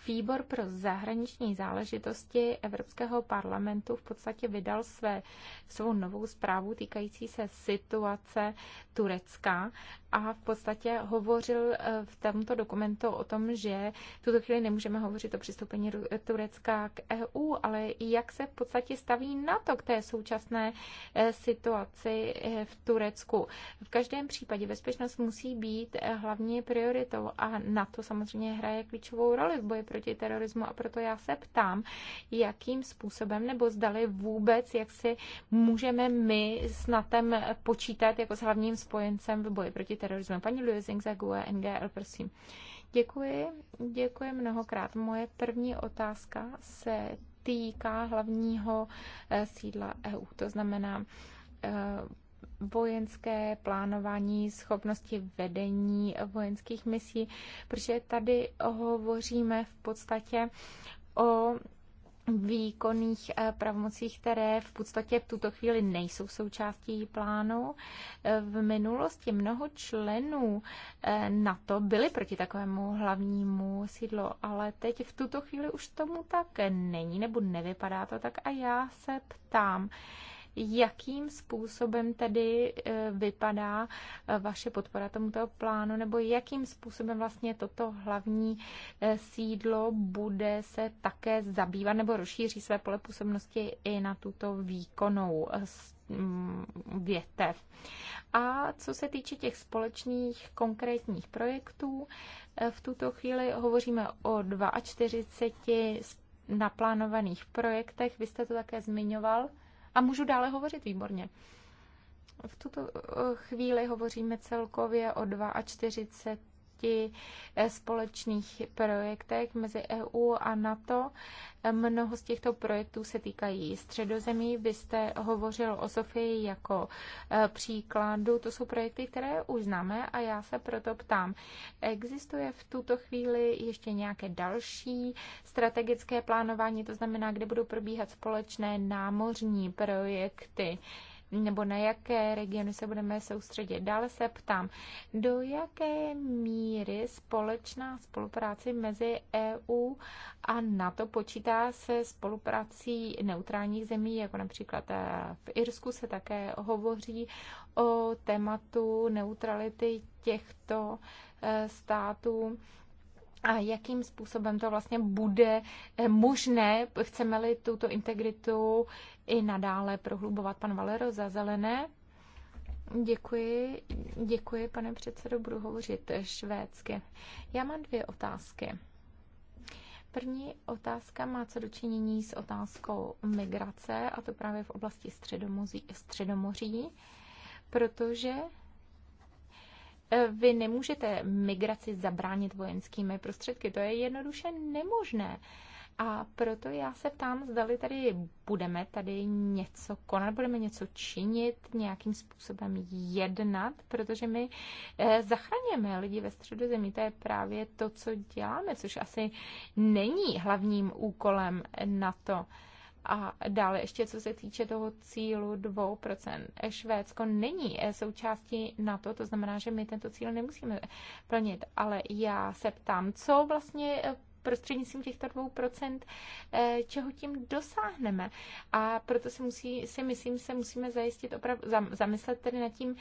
výbor pro zahraniční záležitosti Evropského parlamentu v podstatě vydal své, svou novou zprávu týkající se situace Turecka a v podstatě hovořil eh, v tomto dokumentu o tom, že v tuto chvíli nemůžeme hovořit o přistoupení Turecka k EU, ale jak se v podstatě staví na to k té současné eh, situaci eh, v Turecku. V každém případě bezpečnost musí být hlavní prioritou a na to samozřejmě hraje klíčovou roli v boji proti proti terorismu a proto já se ptám, jakým způsobem nebo zdali vůbec, jak si můžeme my s NATem počítat jako s hlavním spojencem v boji proti terorismu. Paní Luizing za GUE NGL, prosím. Děkuji, děkuji mnohokrát. Moje první otázka se týká hlavního eh, sídla EU, to znamená eh, vojenské plánování, schopnosti vedení vojenských misí, protože tady hovoříme v podstatě o výkonných eh, pravomocích, které v podstatě v tuto chvíli nejsou součástí plánu. Eh, v minulosti mnoho členů eh, NATO byli proti takovému hlavnímu sídlu, ale teď v tuto chvíli už tomu tak není, nebo nevypadá to tak a já se ptám, jakým způsobem tedy e, vypadá e, vaše podpora tomuto plánu, nebo jakým způsobem vlastně toto hlavní e, sídlo bude se také zabývat nebo rozšíří své pole působnosti i na tuto výkonnou větev. A co se týče těch společných konkrétních projektů, v tuto chvíli hovoříme o 42 naplánovaných projektech. Vy jste to také zmiňoval. A můžu dále hovořit výborně. V tuto eh, chvíli hovoříme celkově o 42 oblasti eh, společných projektech mezi EU a NATO. Eh, mnoho z těchto projektů se týkají středozemí. Vy jste hovořil o Sofii jako eh, příkladu. To jsou projekty, které už známe a já se proto ptám. Existuje v tuto chvíli ještě nějaké další strategické plánování, to znamená, kde budou probíhat společné námořní projekty? nebo na jaké regiony se budeme soustředit. Dále se ptám, do jaké míry společná spolupráce mezi EU a NATO počítá se spoluprací neutrálních zemí, jako například eh, v Irsku se také hovoří o tématu neutrality těchto eh, států a jakým způsobem to vlastně bude eh, možné, chceme-li tuto integritu i nadále prohlubovat. Pan Valero za zelené. Děkuji, děkuji, pane předsedo, budu hovořit švédsky. Já mám dvě otázky. První otázka má co dočinění s otázkou migrace, a to právě v oblasti středomoří, středomoří protože E, vy nemůžete migraci zabránit vojenskými prostředky, to je jednoduše nemožné. A proto já se ptám, zdali tady budeme tady něco konat, budeme něco činit, nějakým způsobem jednat, protože my e, zachraňujeme lidi ve středozemí. To je právě to, co děláme, což asi není hlavním úkolem NATO. to. A dále ještě co se týče toho cílu 2%. Švédsko není součástí na to znamená, že my tento cíl nemusíme plnit. Ale já se ptám, co vlastně eh, prostřednictvím těchto 2%, eh, čeho tím dosáhneme. A proto si, musí, si myslím, se musíme zajistit opravdu, zamyslet tedy nad tím,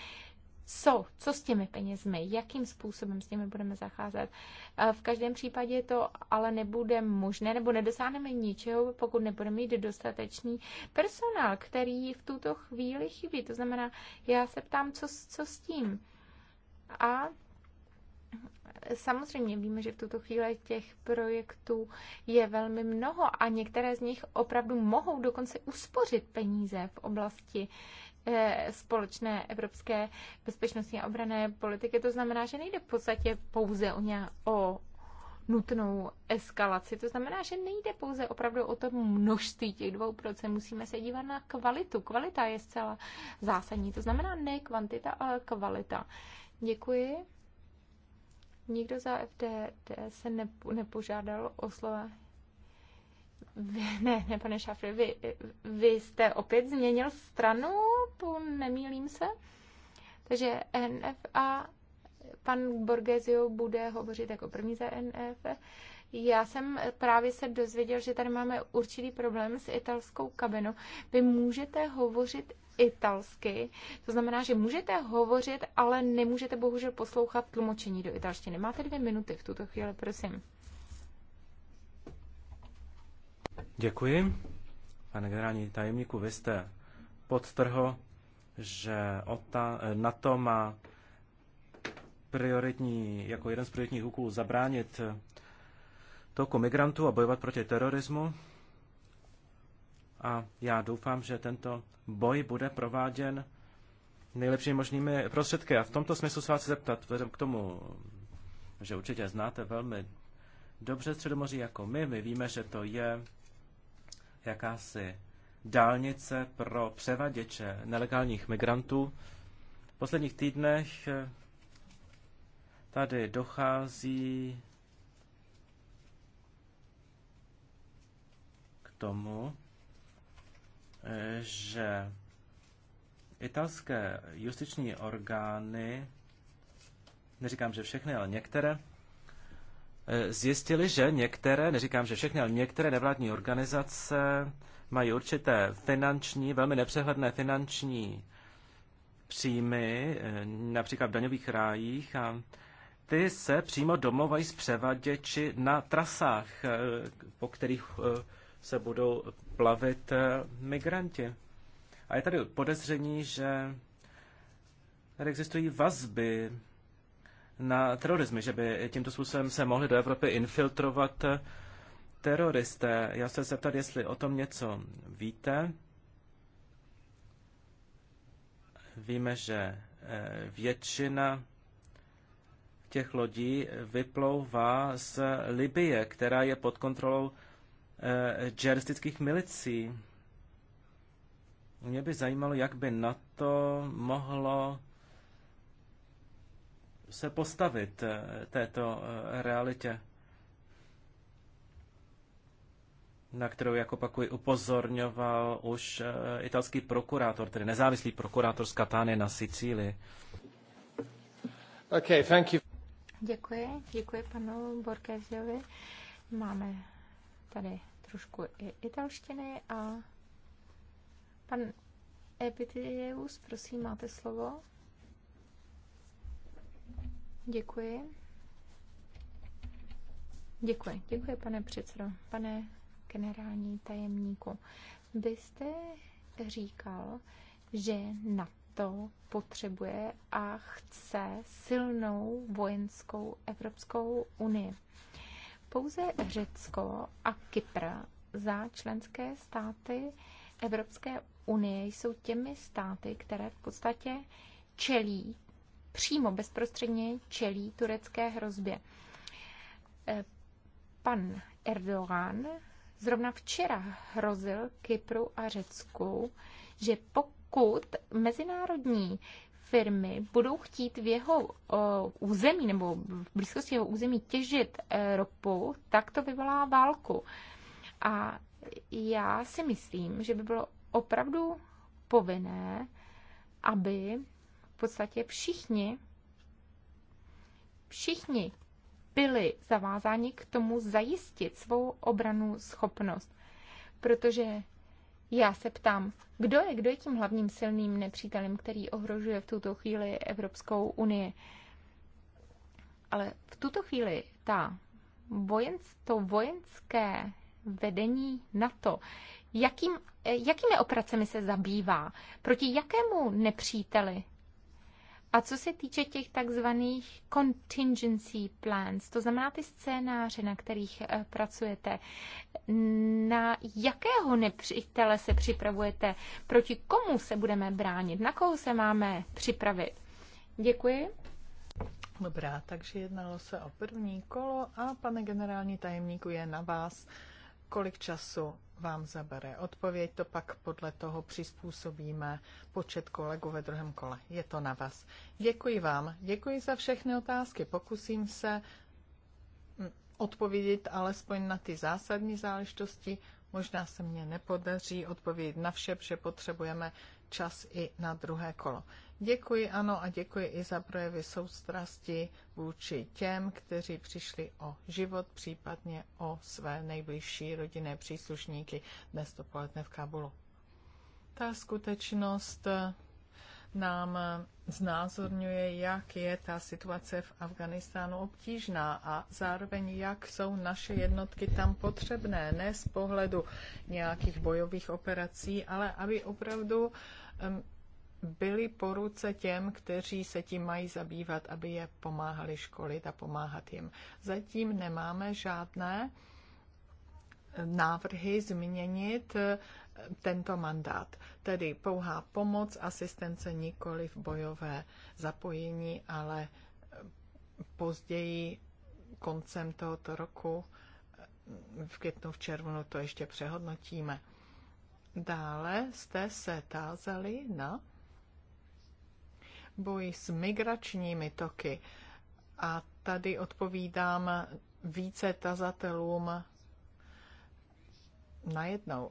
co, co s těmi penězmi, jakým způsobem s nimi budeme zacházet. V každém případě to ale nebude možné, nebo nedosáhneme ničeho, pokud nebudeme mít dostatečný personál, který v tuto chvíli chybí. To znamená, já se ptám, co, co s tím. A Samozřejmě víme, že v tuto chvíli těch projektů je velmi mnoho a některé z nich opravdu mohou dokonce uspořit peníze v oblasti uh, Eh, společné evropské bezpečnostní a obrané politiky. To znamená, že nejde v podstatě pouze o, nějak, o nutnou eskalaci. To znamená, že nejde pouze opravdu o to množství těch dvou procent. musíme se dívat na kvalitu. Kvalita je zcela zásadní. To znamená ne kvantita, ale kvalita. Děkuji. Nikdo za FDD se nepožádal o slova. *laughs* ne, ne, pane Šafry, vy, vy jste opět změnil stranu, nemýlím se. Takže NF a pan Borgesio bude hovořit jako první za NF. Já jsem právě se dozvěděl, že tady máme určitý problém s italskou kabinou. Vy můžete hovořit italsky, to znamená, že můžete hovořit, ale nemůžete bohužel poslouchat tlumočení do italštiny. Máte dvě minuty v tuto chvíli, prosím. Děkuji. Pane generální tajemníku, vy jste podtrhl, že OTA, eh, NATO má prioritní, jako jeden z prioritních úkolů zabránit eh, toku migrantů a bojovat proti terorismu. A já doufám, že tento boj bude prováděn nejlepšími možnými prostředky. A v tomto smyslu se vás zeptat, vzhledem k tomu, že určitě znáte velmi dobře Středomoří jako my, my víme, že to je jakási dálnice pro převaděče nelegálních migrantů. V posledních týdnech eh, tady dochází k tomu, eh, že italské justiční orgány, neříkám, že všechny, ale některé, Eh, zjistili, že některé, neříkám, že všechny, ale některé nevládní organizace mají určité finanční, velmi nepřehledné finanční příjmy, eh, například v daňových rájích a ty se přímo domluvají s převaděči na trasách, eh, po kterých se budou plavit migranti. A je tady podezření, že tady existují vazby na terorismy, že by tímto způsobem se mohli do Evropy infiltrovat teroristé. Já se zeptat, jestli o tom něco víte. Víme, že eh, většina těch lodí vyplouvá z Libie, která je pod kontrolou eh, džeristických milicí. Mě by zajímalo, jak by na to mohlo se postavit eh, této eh, realitě, na kterou, jak opakuji, upozorňoval už eh, italský prokurátor, tedy nezávislý prokurátor z Katány na Sicílii. Okay, thank you. Děkuji, děkuji panu Borkeziovi. Máme tady trošku i italštiny a pan Epitius, prosím, máte slovo. Děkuji. Děkuji. Děkuji, pane předsedo. Pane generální tajemníku, vy jste říkal, že na to potřebuje a chce silnou vojenskou Evropskou unii. Pouze Řecko a Kypr za členské státy Evropské unie jsou těmi státy, které v podstatě čelí přímo bezprostředně čelí turecké hrozbě. E, pan Erdogan zrovna včera hrozil Kypru a Řecku, že pokud mezinárodní firmy budou chtít v jeho území nebo v blízkosti jeho území těžit ropu, tak to vyvolá válku. A já si myslím, že by bylo opravdu povinné, aby podstatě všichni, všichni byli zavázáni k tomu zajistit svou obranu schopnost. Protože já se ptám, kdo je, kdo je tím hlavním silným nepřítelem, který ohrožuje v tuto chvíli Evropskou unii. Ale v tuto chvíli ta vojensk, to vojenské vedení NATO, jakým, jakými operacemi se zabývá, proti jakému nepříteli a co se týče těch takzvaných contingency plans, to znamená ty scénáře, na kterých eh, pracujete, na jakého nepřítele se připravujete, proti komu se budeme bránit, na koho se máme připravit? Děkuji. Dobrá, takže jednalo se o první kolo a pane generální tajemníku je na vás, kolik času vám zabere odpověď, to pak podle toho přizpůsobíme počet kolegů ve druhém kole. Je to na vás. Děkuji vám. Děkuji za všechny otázky. Pokusím se mm, odpovědět alespoň na ty zásadní záležitosti. Možná se mně nepodaří odpovědět na vše, protože potřebujeme čas i na druhé kolo. Děkuji ano a děkuji i za projevy soustrasti vůči těm, kteří přišli o život, případně o své nejbližší rodinné příslušníky dnes dopoledne v Kabulu. Ta skutečnost eh, nám eh, znázorňuje, jak je ta situace v Afganistánu obtížná a zároveň jak jsou naše jednotky tam potřebné, ne z pohledu nějakých bojových operací, ale aby opravdu um, byly po ruce těm, kteří se tím mají zabývat, aby je pomáhali školit a pomáhat jim. Zatím nemáme žádné návrhy změnit eh, tento mandát, tedy pouhá pomoc, asistence, nikoli v bojové zapojení, ale eh, později koncem tohoto roku, eh, v květnu, v červnu to ještě přehodnotíme. Dále jste se tázali na boji s migračními toky. A tady odpovídám více tazatelům najednou.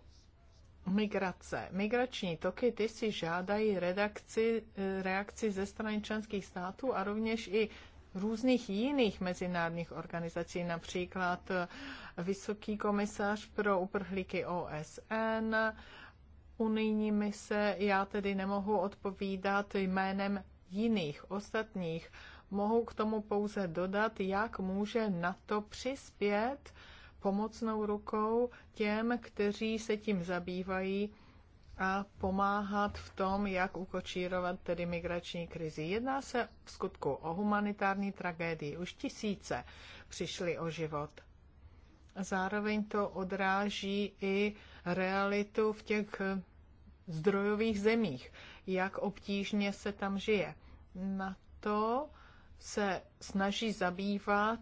Migrace. Migrační toky, ty si žádají redakci, reakci ze strany členských států a rovněž i různých jiných mezinárodních organizací, například Vysoký komisář pro uprchlíky OSN, unijní mise. Já tedy nemohu odpovídat jménem jiných, ostatních. Mohu k tomu pouze dodat, jak může na to přispět pomocnou rukou těm, kteří se tím zabývají a pomáhat v tom, jak ukočírovat tedy migrační krizi. Jedná se v skutku o humanitární tragédii. Už tisíce přišly o život. Zároveň to odráží i realitu v těch zdrojových zemích, jak obtížně se tam žije na to se snaží zabývat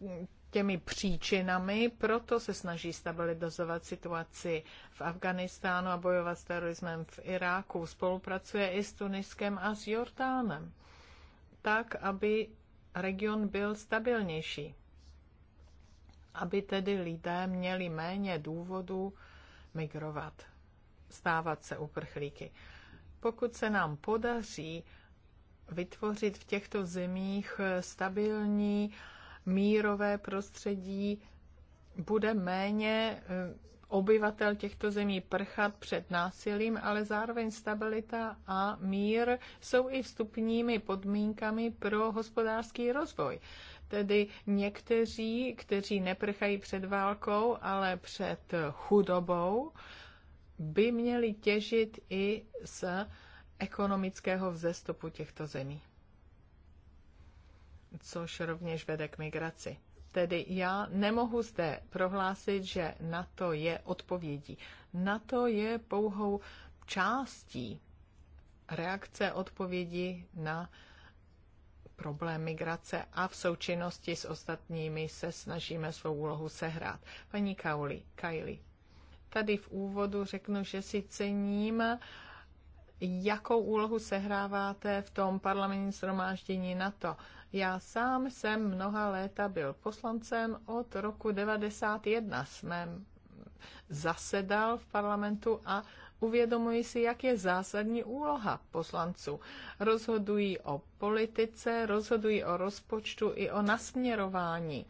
mm, těmi příčinami, proto se snaží stabilizovat situaci v Afganistánu a bojovat s terorismem v Iráku. Spolupracuje i s Tuniskem a s Jordánem, tak, aby region byl stabilnější. Aby tedy lidé měli méně důvodů migrovat, stávat se uprchlíky. Pokud se nám podaří vytvořit v těchto zemích stabilní mírové prostředí, bude méně eh, obyvatel těchto zemí prchat před násilím, ale zároveň stabilita a mír jsou i vstupními podmínkami pro hospodářský rozvoj. Tedy někteří, kteří neprchají před válkou, ale před chudobou, by měli těžit i z ekonomického vzestupu těchto zemí, což rovněž vede k migraci. Tedy já nemohu zde prohlásit, že na to je odpovědí. Na to je pouhou částí reakce odpovědi na problém migrace a v součinnosti s ostatními se snažíme svou úlohu sehrát. Paní Kauli, Kaili, tady v úvodu řeknu, že si cením, jakou úlohu sehráváte v tom parlamentním shromáždění NATO. Já sám jsem mnoha léta byl poslancem od roku 91. Jsme zasedal v parlamentu a uvědomuji si, jak je zásadní úloha poslanců. Rozhodují o politice, rozhodují o rozpočtu i o nasměrování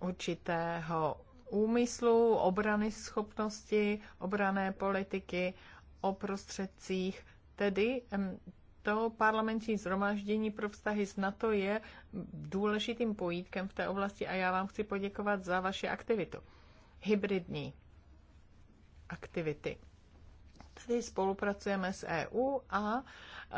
určitého úmyslu, obrany schopnosti, obrané politiky, o prostředcích. Tedy to parlamentní zhromaždění pro vztahy s NATO je důležitým pojítkem v té oblasti a já vám chci poděkovat za vaši aktivitu. Hybridní aktivity. Tady spolupracujeme s EU a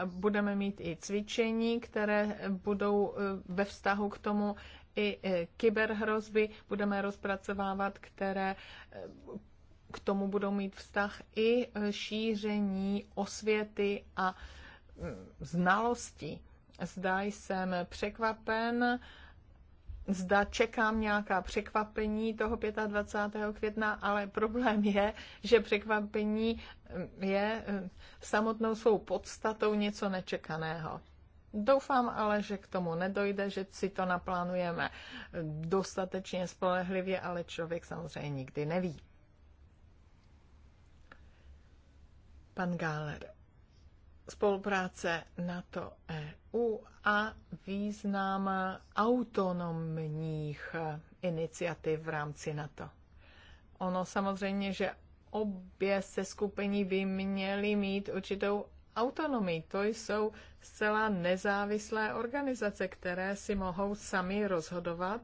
budeme mít i cvičení, které budou e, ve vztahu k tomu, i e, kyberhrozby budeme rozpracovávat, které e, k tomu budou mít vztah i e, šíření osvěty a mm, znalosti. Zda jsem překvapen, zda čekám nějaká překvapení toho 25. května, ale problém je, že překvapení je samotnou svou podstatou něco nečekaného. Doufám ale, že k tomu nedojde, že si to naplánujeme dostatečně spolehlivě, ale člověk samozřejmě nikdy neví. Pan Gáler. Spolupráce NATO-EU a význam autonomních iniciativ v rámci NATO. Ono samozřejmě, že obě se skupiny by měly mít určitou autonomii. To jsou zcela nezávislé organizace, které si mohou sami rozhodovat,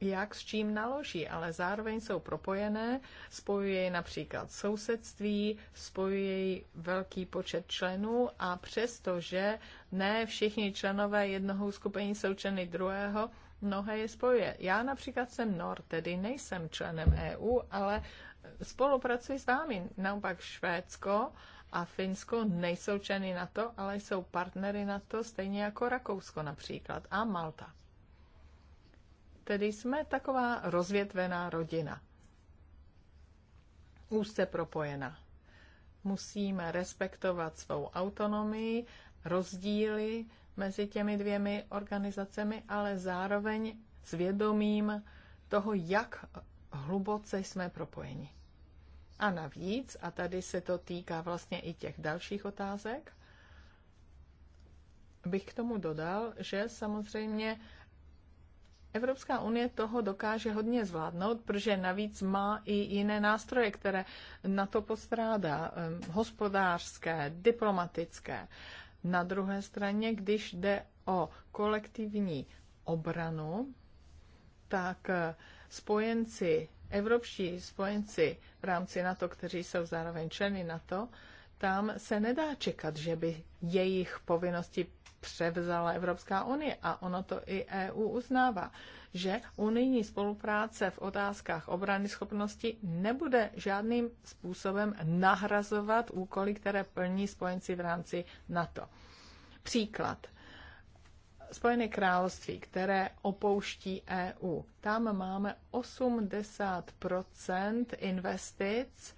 jak s čím naloží, ale zároveň jsou propojené, spojuje například sousedství, spojuje velký počet členů a přestože ne všichni členové jednoho skupení jsou členy druhého, mnohé je spojuje. Já například jsem NOR, tedy nejsem členem EU, ale spolupracuji s vámi. Naopak Švédsko a Finsko nejsou členy NATO, ale jsou partnery NATO, stejně jako Rakousko například a Malta. Tedy jsme taková rozvětvená rodina. Úzce propojená. Musíme respektovat svou autonomii, rozdíly mezi těmi dvěmi organizacemi, ale zároveň s vědomím toho, jak hluboce jsme propojeni. A navíc, a tady se to týká vlastně i těch dalších otázek, bych k tomu dodal, že samozřejmě Evropská unie toho dokáže hodně zvládnout, protože navíc má i jiné nástroje, které na to postrádá, ehm, hospodářské, diplomatické. Na druhé straně, když jde o kolektivní obranu, tak eh, spojenci evropští spojenci v rámci NATO, kteří jsou zároveň členy NATO, tam se nedá čekat, že by jejich povinnosti převzala Evropská unie a ono to i EU uznává, že unijní spolupráce v otázkách obrany schopnosti nebude žádným způsobem nahrazovat úkoly, které plní spojenci v rámci NATO. Příklad. Spojené království, které opouští EU, tam máme 80 investic,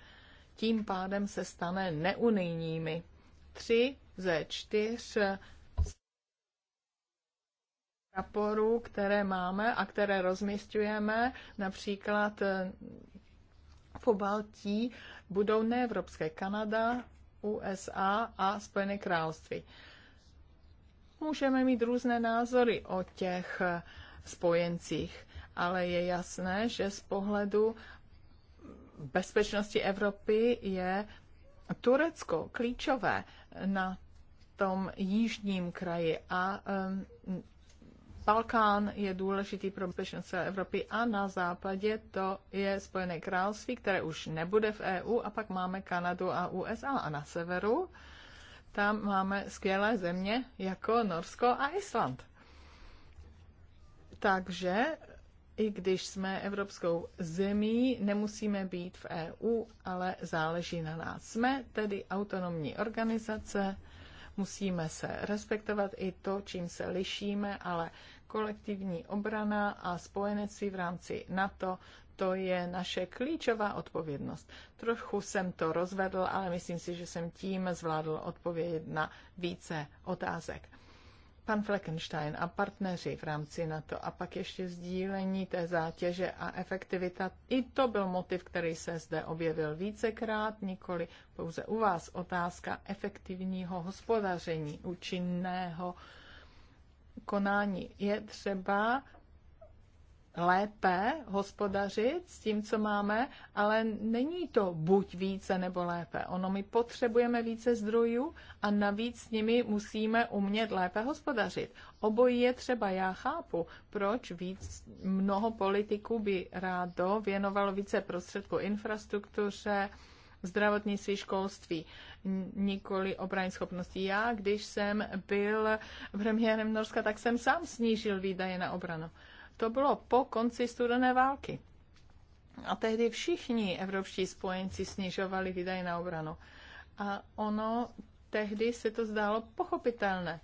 tím pádem se stane neunijními. Tři ze čtyř raporů, které máme a které rozměstňujeme, například v eh, Baltí, budou neevropské Kanada, USA a Spojené království. Můžeme mít různé názory o těch spojencích, ale je jasné, že z pohledu bezpečnosti Evropy je Turecko klíčové na tom jižním kraji a um, Balkán je důležitý pro bezpečnost celé Evropy a na západě to je Spojené království, které už nebude v EU a pak máme Kanadu a USA a na severu tam máme skvělé země jako Norsko a Island. Takže i když jsme evropskou zemí, nemusíme být v EU, ale záleží na nás. Jsme tedy autonomní organizace, musíme se respektovat i to, čím se lišíme, ale kolektivní obrana a spojenectví v rámci NATO, to je naše klíčová odpovědnost. Trochu jsem to rozvedl, ale myslím si, že jsem tím zvládl odpovědět na více otázek. Pan Fleckenstein a partneři v rámci NATO a pak ještě sdílení té zátěže a efektivita. I to byl motiv, který se zde objevil vícekrát, nikoli pouze u vás. Otázka efektivního hospodaření, účinného konání. Je třeba lépe hospodařit s tím, co máme, ale není to buď více nebo lépe. Ono my potřebujeme více zdrojů a navíc s nimi musíme umět lépe hospodařit. Obojí je třeba, já chápu, proč víc, mnoho politiků by rádo věnovalo více prostředků infrastruktuře, zdravotnictví, školství, nikoli obrany schopnosti. Já, když jsem byl premiérem Norska, tak jsem sám snížil výdaje na obranu. To bylo po konci studené války. A tehdy všichni evropští spojenci snižovali výdaje na obranu. A ono tehdy se to zdálo pochopitelné,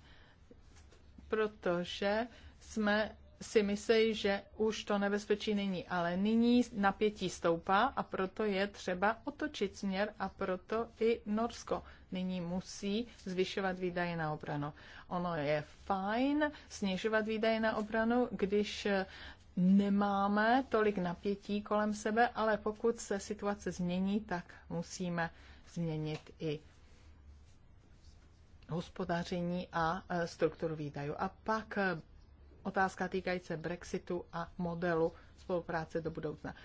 protože jsme si myslí, že už to nebezpečí není, ale nyní napětí stoupá a proto je třeba otočit směr a proto i Norsko nyní musí zvyšovat výdaje na obranu. Ono je fajn snižovat výdaje na obranu, když eh, nemáme tolik napětí kolem sebe, ale pokud se situace změní, tak musíme změnit i hospodaření a eh, strukturu výdajů. A pak eh, otázka týkající se Brexitu a modelu spolupráce do budoucna.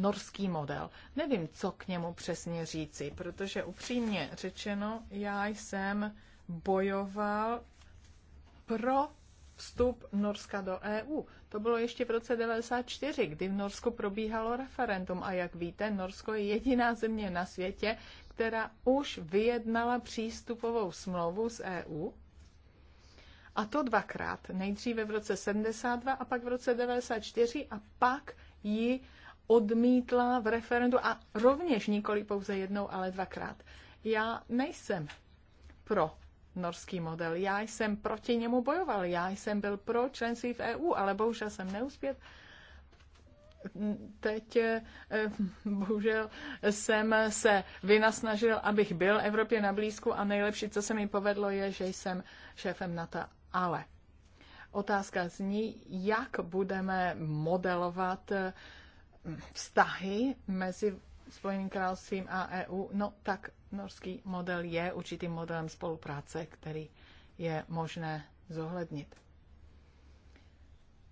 Norský model. Nevím, co k němu přesně říci, protože upřímně řečeno, já jsem bojoval pro vstup Norska do EU. To bylo ještě v roce 1994, kdy v Norsku probíhalo referendum a jak víte, Norsko je jediná země na světě, která už vyjednala přístupovou smlouvu s EU a to dvakrát. Nejdříve v roce 72 a pak v roce 94 a pak ji odmítla v referendu a rovněž nikoli pouze jednou, ale dvakrát. Já nejsem pro norský model. Já jsem proti němu bojoval. Já jsem byl pro členství v EU, ale bohužel jsem neuspěl. Teď eh, bohužel jsem se vynasnažil, abych byl Evropě na blízku a nejlepší, co se mi povedlo, je, že jsem šéfem NATO ale otázka zní, jak budeme modelovat eh, vztahy mezi Spojeným královstvím a EU. No tak norský model je určitým modelem spolupráce, který je možné zohlednit.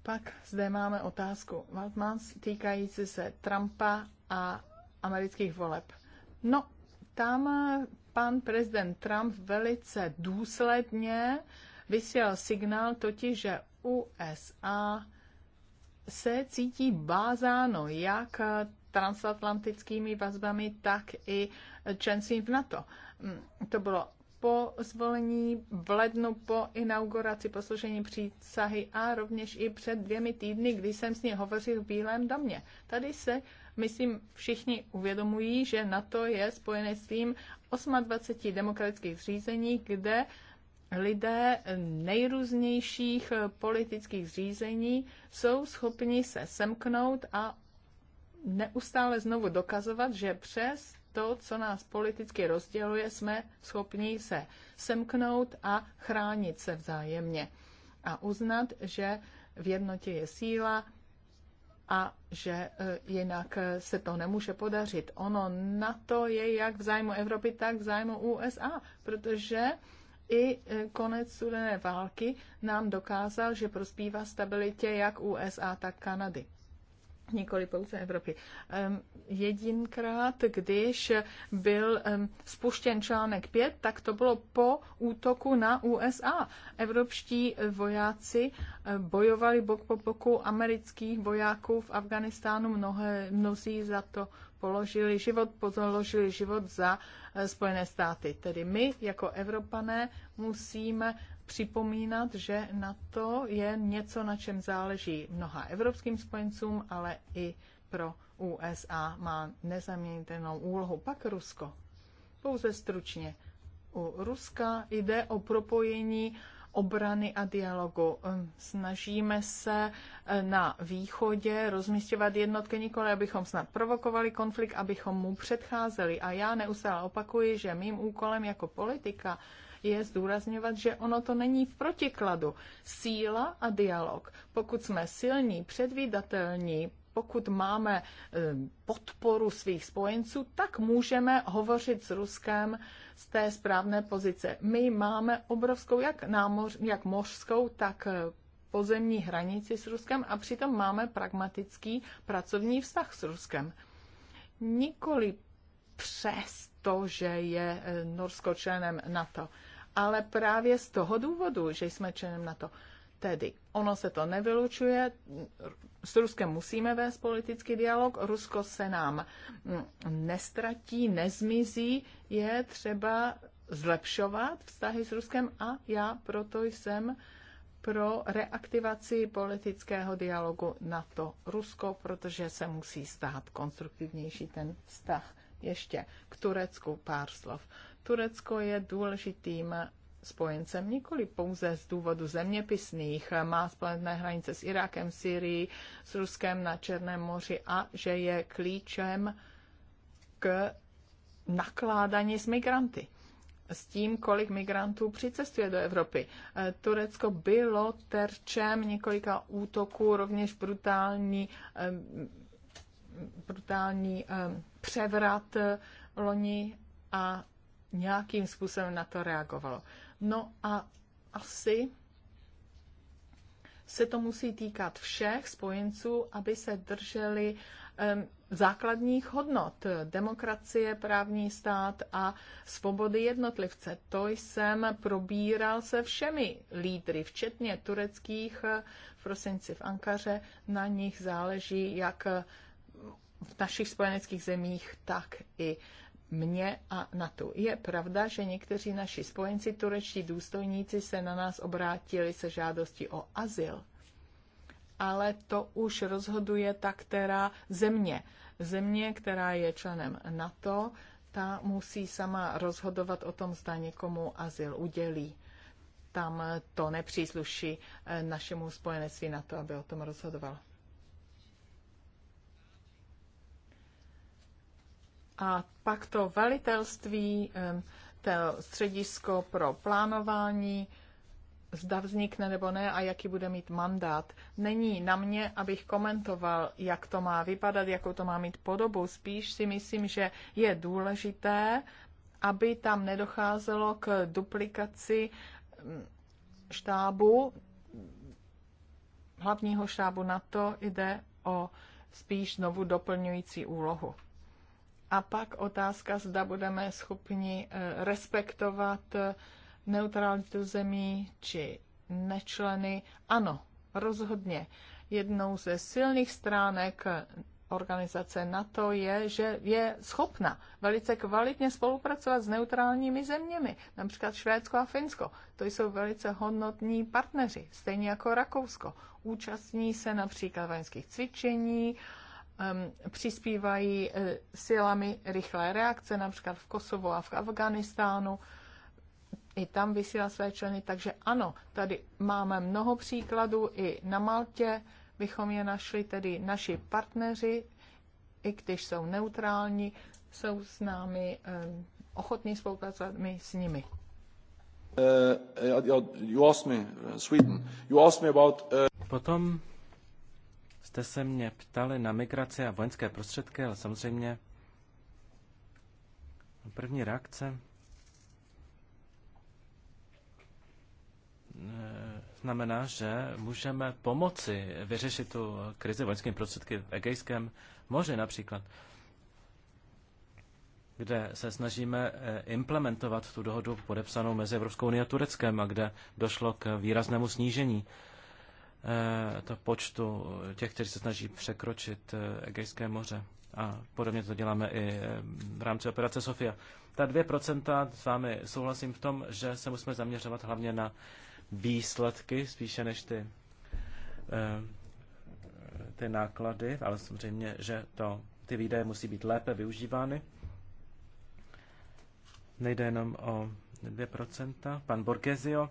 Pak zde máme otázku Waldmans týkající se Trumpa a amerických voleb. No, tam eh, pan prezident Trump velice důsledně vysílal signál totiž, že USA se cítí bázáno jak transatlantickými vazbami, tak i členstvím v NATO. Mm, to bylo po zvolení v lednu, po inauguraci, po složení přísahy a rovněž i před dvěmi týdny, kdy jsem s ní hovořil v Bílém domě. Tady se, myslím, všichni uvědomují, že NATO je spojené s tím 28 demokratických zřízení, kde lidé nejrůznějších politických zřízení jsou schopni se semknout a neustále znovu dokazovat, že přes to, co nás politicky rozděluje, jsme schopni se semknout a chránit se vzájemně a uznat, že v jednotě je síla a že e, jinak e, se to nemůže podařit. Ono na to je jak v zájmu Evropy, tak v zájmu USA, protože i e, konec studené války nám dokázal, že prospívá stabilitě jak USA, tak Kanady nikoli pouze Evropy. Jedinkrát, když byl spuštěn článek 5, tak to bylo po útoku na USA. Evropští vojáci e, bojovali bok po boku amerických vojáků v Afganistánu, mnohé, mnozí za to položili život, položili život za eh, Spojené státy. Tedy my jako Evropané musíme připomínat, že na to je něco, na čem záleží mnoha evropským spojencům, ale i pro USA má nezaměnitelnou úlohu. Pak Rusko. Pouze stručně. U Ruska jde o propojení obrany a dialogu. Ehm, snažíme se eh, na východě rozmístěvat jednotky nikoli, abychom snad provokovali konflikt, abychom mu předcházeli. A já neustále opakuji, že mým úkolem jako politika je zdůrazňovat, že ono to není v protikladu. Síla a dialog. Pokud jsme silní, předvídatelní, pokud máme eh, podporu svých spojenců, tak můžeme hovořit s Ruskem z té správné pozice. My máme obrovskou jak, námoř, jak mořskou, tak eh, pozemní hranici s Ruskem a přitom máme pragmatický pracovní vztah s Ruskem. Nikoli přes to, že je eh, Norsko členem NATO, ale právě z toho důvodu, že jsme členem NATO. Tedy ono se to nevylučuje, s Ruskem musíme vést politický dialog, Rusko se nám mm, nestratí, nezmizí, je třeba zlepšovat vztahy s Ruskem a já proto jsem pro reaktivaci politického dialogu na to Rusko, protože se musí stát konstruktivnější ten vztah. Ještě k Turecku pár slov. Turecko je důležitým spojencem, nikoli pouze z důvodu zeměpisných, má společné hranice s Irákem, Syrií, s Ruskem na Černém moři a že je klíčem k nakládání s migranty s tím, kolik migrantů přicestuje do Evropy. Eh, Turecko bylo terčem několika útoků, rovněž brutální, eh, brutální eh, převrat loni a nějakým způsobem na to reagovalo. No a asi se to musí týkat všech spojenců, aby se drželi um, základních hodnot demokracie, právní stát a svobody jednotlivce. To jsem probíral se všemi lídry, včetně tureckých eh, v prosinci v Ankaře. Na nich záleží, jak v našich spojeneckých zemích, tak i mě a NATO. Je pravda, že někteří naši spojenci, turečtí důstojníci, se na nás obrátili se žádostí o azyl. Ale to už rozhoduje ta, která země. Země, která je členem NATO, ta musí sama rozhodovat o tom, zda někomu azyl udělí. Tam to nepřísluší eh, našemu spojenectví na to, aby o tom rozhodovalo. A pak to velitelství, to středisko pro plánování, zda vznikne nebo ne a jaký bude mít mandát. Není na mě, abych komentoval, jak to má vypadat, jakou to má mít podobu. Spíš si myslím, že je důležité, aby tam nedocházelo k duplikaci štábu, hlavního štábu NATO jde o spíš novou doplňující úlohu. A pak otázka, zda budeme schopni eh, respektovat eh, neutralitu zemí či nečleny. Ano, rozhodně. Jednou ze silných stránek eh, organizace NATO je, že je schopna velice kvalitně spolupracovat s neutrálními zeměmi, například Švédsko a Finsko. To jsou velice hodnotní partneři, stejně jako Rakousko. Účastní se například vojenských cvičení, uh, Um, přispívají eh, silami rychlé reakce, například v Kosovu a v Afganistánu. I tam vysílá své členy, takže ano, tady máme mnoho příkladů. I na Maltě bychom je našli, tedy naši partneři, i když jsou neutrální, jsou s námi eh, ochotní spolupracovat my s nimi. Uh, you asked me, Sweden. You asked me about, uh... Potom jste se mě ptali na migraci a vojenské prostředky, ale samozřejmě první reakce eh, znamená, že můžeme pomoci vyřešit tu krizi vojenskými prostředky v Egejském moři například, kde se snažíme eh, implementovat tu dohodu podepsanou mezi Evropskou unii a Tureckem a kde došlo k výraznému snížení Eh, to počtu těch, kteří se snaží překročit eh, Egejské moře. A podobně to děláme i eh, v rámci operace Sofia. Ta 2% s vámi souhlasím v tom, že se musíme zaměřovat hlavně na výsledky spíše než ty, ty náklady, ale samozřejmě, že to, ty výdaje musí být lépe využívány. Nejde jenom o 2%. Pan Borgesio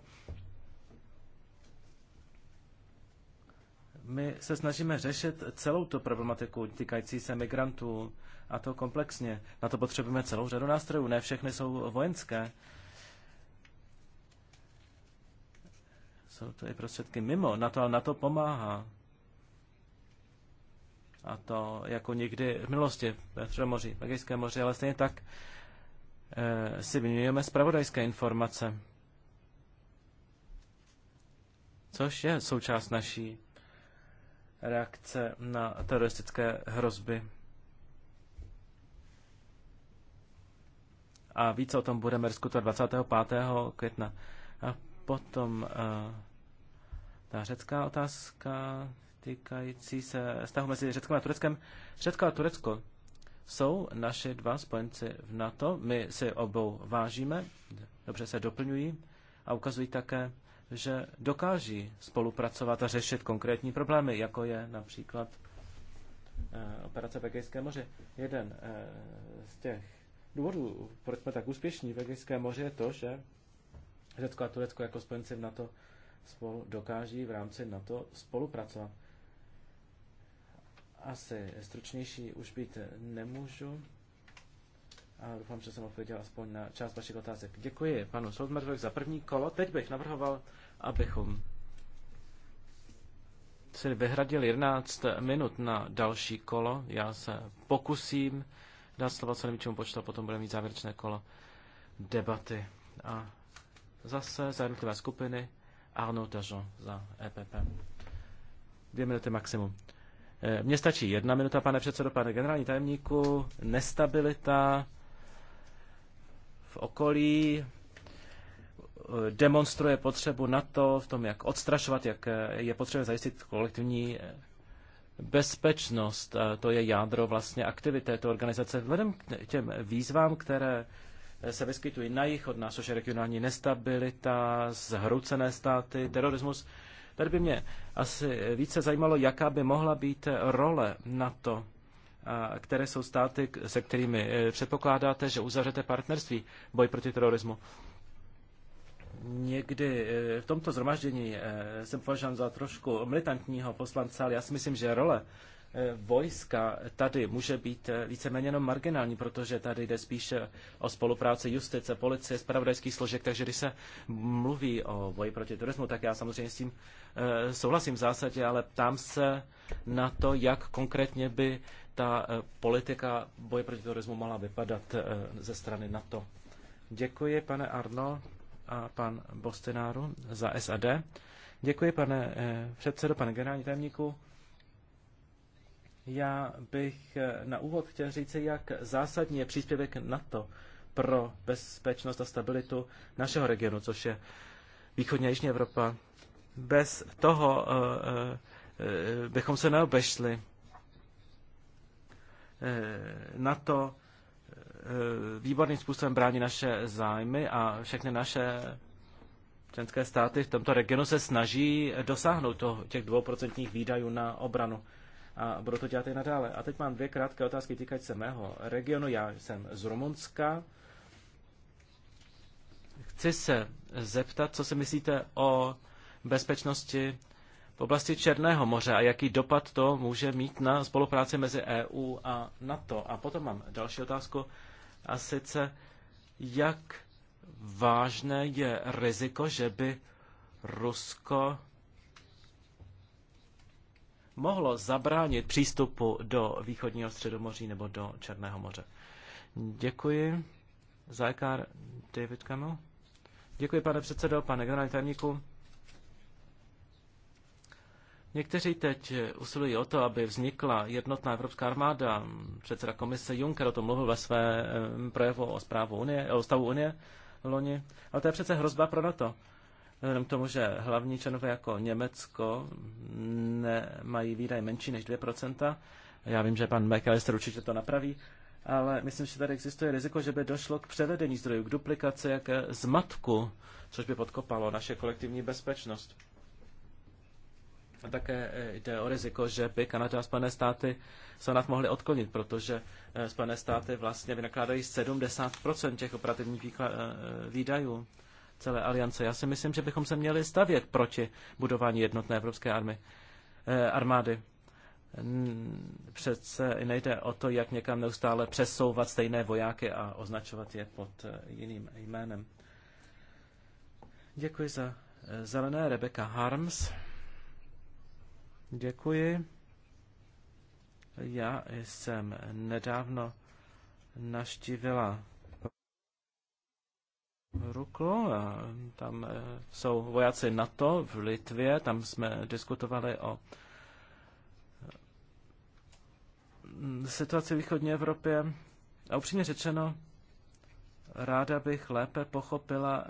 My se snažíme řešit celou tu problematiku týkající se migrantů a to komplexně. Na to potřebujeme celou řadu nástrojů, ne všechny jsou vojenské. Jsou to i prostředky mimo, na to, ale na to pomáhá. A to jako někdy v minulosti ve Středomoří, v Egejském moři, ale stejně tak e, si vyměňujeme zpravodajské informace. Což je součást naší reakce na teroristické hrozby. A více o tom budeme diskutovat 25. května. A potom uh, ta řecká otázka týkající se vztahu mezi Řeckem a Tureckem. Řecko a Turecko jsou naši dva spojenci v NATO. My si obou vážíme, dobře se doplňují a ukazují také že dokáží spolupracovat a řešit konkrétní problémy, jako je například eh, operace v Egejské moři. Jeden eh, z těch důvodů, proč jsme tak úspěšní v Egejské moři, je to, že Řecko a Turecko jako spojenci v NATO spolu dokáží v rámci NATO spolupracovat. Asi stručnější už být nemůžu. A doufám, že jsem odpověděl aspoň na část vašich otázek. Děkuji panu Soudmervek za první kolo. Teď bych navrhoval, abychom si vyhradil 11 minut na další kolo. Já se pokusím dát slova co největšímu počtu a potom budeme mít závěrečné kolo debaty. A zase za jednotlivé skupiny Arnaud Dajon za EPP. Dvě minuty maximum. E, mně stačí jedna minuta, pane předsedo, pane generální tajemníku. Nestabilita v okolí, eh, demonstruje potřebu na to, v tom, jak odstrašovat, jak eh, je potřeba zajistit kolektivní eh, bezpečnost. To je jádro vlastně aktivity této organizace. Vzhledem k těm výzvám, které se vyskytují na jich od nás, což je regionální nestabilita, zhroucené státy, terorismus. Tady by mě asi více zajímalo, jaká by mohla být role NATO které jsou státy, se kterými e, předpokládáte, že uzavřete partnerství boj proti terorismu. Někdy e, v tomto zhromaždění e, jsem považován za trošku militantního poslance, ale já si myslím, že role vojska tady může být víceméně jenom marginální, protože tady jde spíše o spolupráci justice, policie, spravodajských složek, takže když se mluví o boji proti terorismu, tak já samozřejmě s tím souhlasím v zásadě, ale ptám se na to, jak konkrétně by ta eh, politika boje proti terorismu mala vypadat eh, ze strany NATO. Děkuji, pane Arno a pan Bostenáru za SAD. Děkuji, pane eh, předsedo, pane generální tajemníku. Já bych na úvod chtěl říct, jak zásadní je příspěvek NATO pro bezpečnost a stabilitu našeho regionu, což je východní a jižní Evropa. Bez toho bychom se neobešli. Eh, na to eh, výborným způsobem brání naše zájmy a všechny naše členské státy v tomto regionu se snaží dosáhnout toho, těch dvouprocentních výdajů na obranu. A budou to dělat i nadále. A teď mám dvě krátké otázky týkající se mého regionu. Já jsem z Rumunska. Chci se zeptat, co si myslíte o bezpečnosti v oblasti Černého moře a jaký dopad to může mít na spolupráci mezi EU a NATO. A potom mám další otázku, a sice jak vážné je riziko, že by Rusko mohlo zabránit přístupu do východního středomoří nebo do Černého moře. Děkuji. Zajkár David Kamel. Děkuji, pane předsedo, pane generální tajemníku. Někteří teď usilují o to, aby vznikla jednotná evropská armáda. Předseda komise Juncker o tom mluvil ve své projevu o, zprávu Unie, o stavu Unie loni. Ale to je přece hrozba pro NATO. Vzhledem k tomu, že hlavní členové jako Německo mají výdaje menší než 2%. Já vím, že pan McAllister určitě to napraví, ale myslím, že tady existuje riziko, že by došlo k převedení zdrojů, k duplikaci, jak zmatku, což by podkopalo naše kolektivní bezpečnost. A také e, jde o riziko, že by Kanada a Spojené státy se nás mohly odklonit, protože e, Spojené státy vlastně vynakládají 70% těch operativních e, výdajů celé aliance. Já si myslím, že bychom se měli stavět proti budování jednotné evropské army, armády. Přece nejde o to, jak někam neustále přesouvat stejné vojáky a označovat je pod jiným jménem. Děkuji za zelené Rebecca Harms. Děkuji. Já jsem nedávno naštívila Ruklu, tam eh, jsou vojáci NATO v Litvě, tam jsme diskutovali o eh, situaci v východní Evropě. A upřímně řečeno, ráda bych lépe pochopila,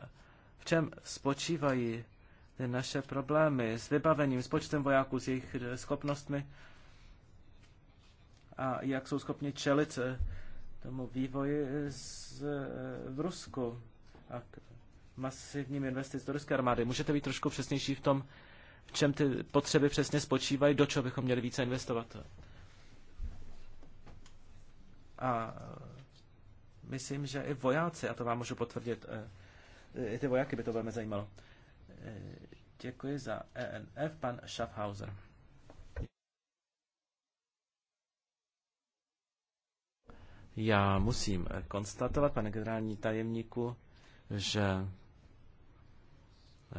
v čem spočívají ty naše problémy s vybavením, s počtem vojáků, s jejich eh, schopnostmi a jak jsou schopni čelit eh, tomu vývoji eh, z, v Rusku a k masivním investic do ruské armády. Můžete být trošku přesnější v tom, v čem ty potřeby přesně spočívají, do čeho bychom měli více investovat. A myslím, že i vojáci, a to vám můžu potvrdit, i ty vojáky by to velmi zajímalo. Eh, děkuji za ENF, pan Schaffhauser. Já musím konstatovat, pane generální tajemníku, že eh,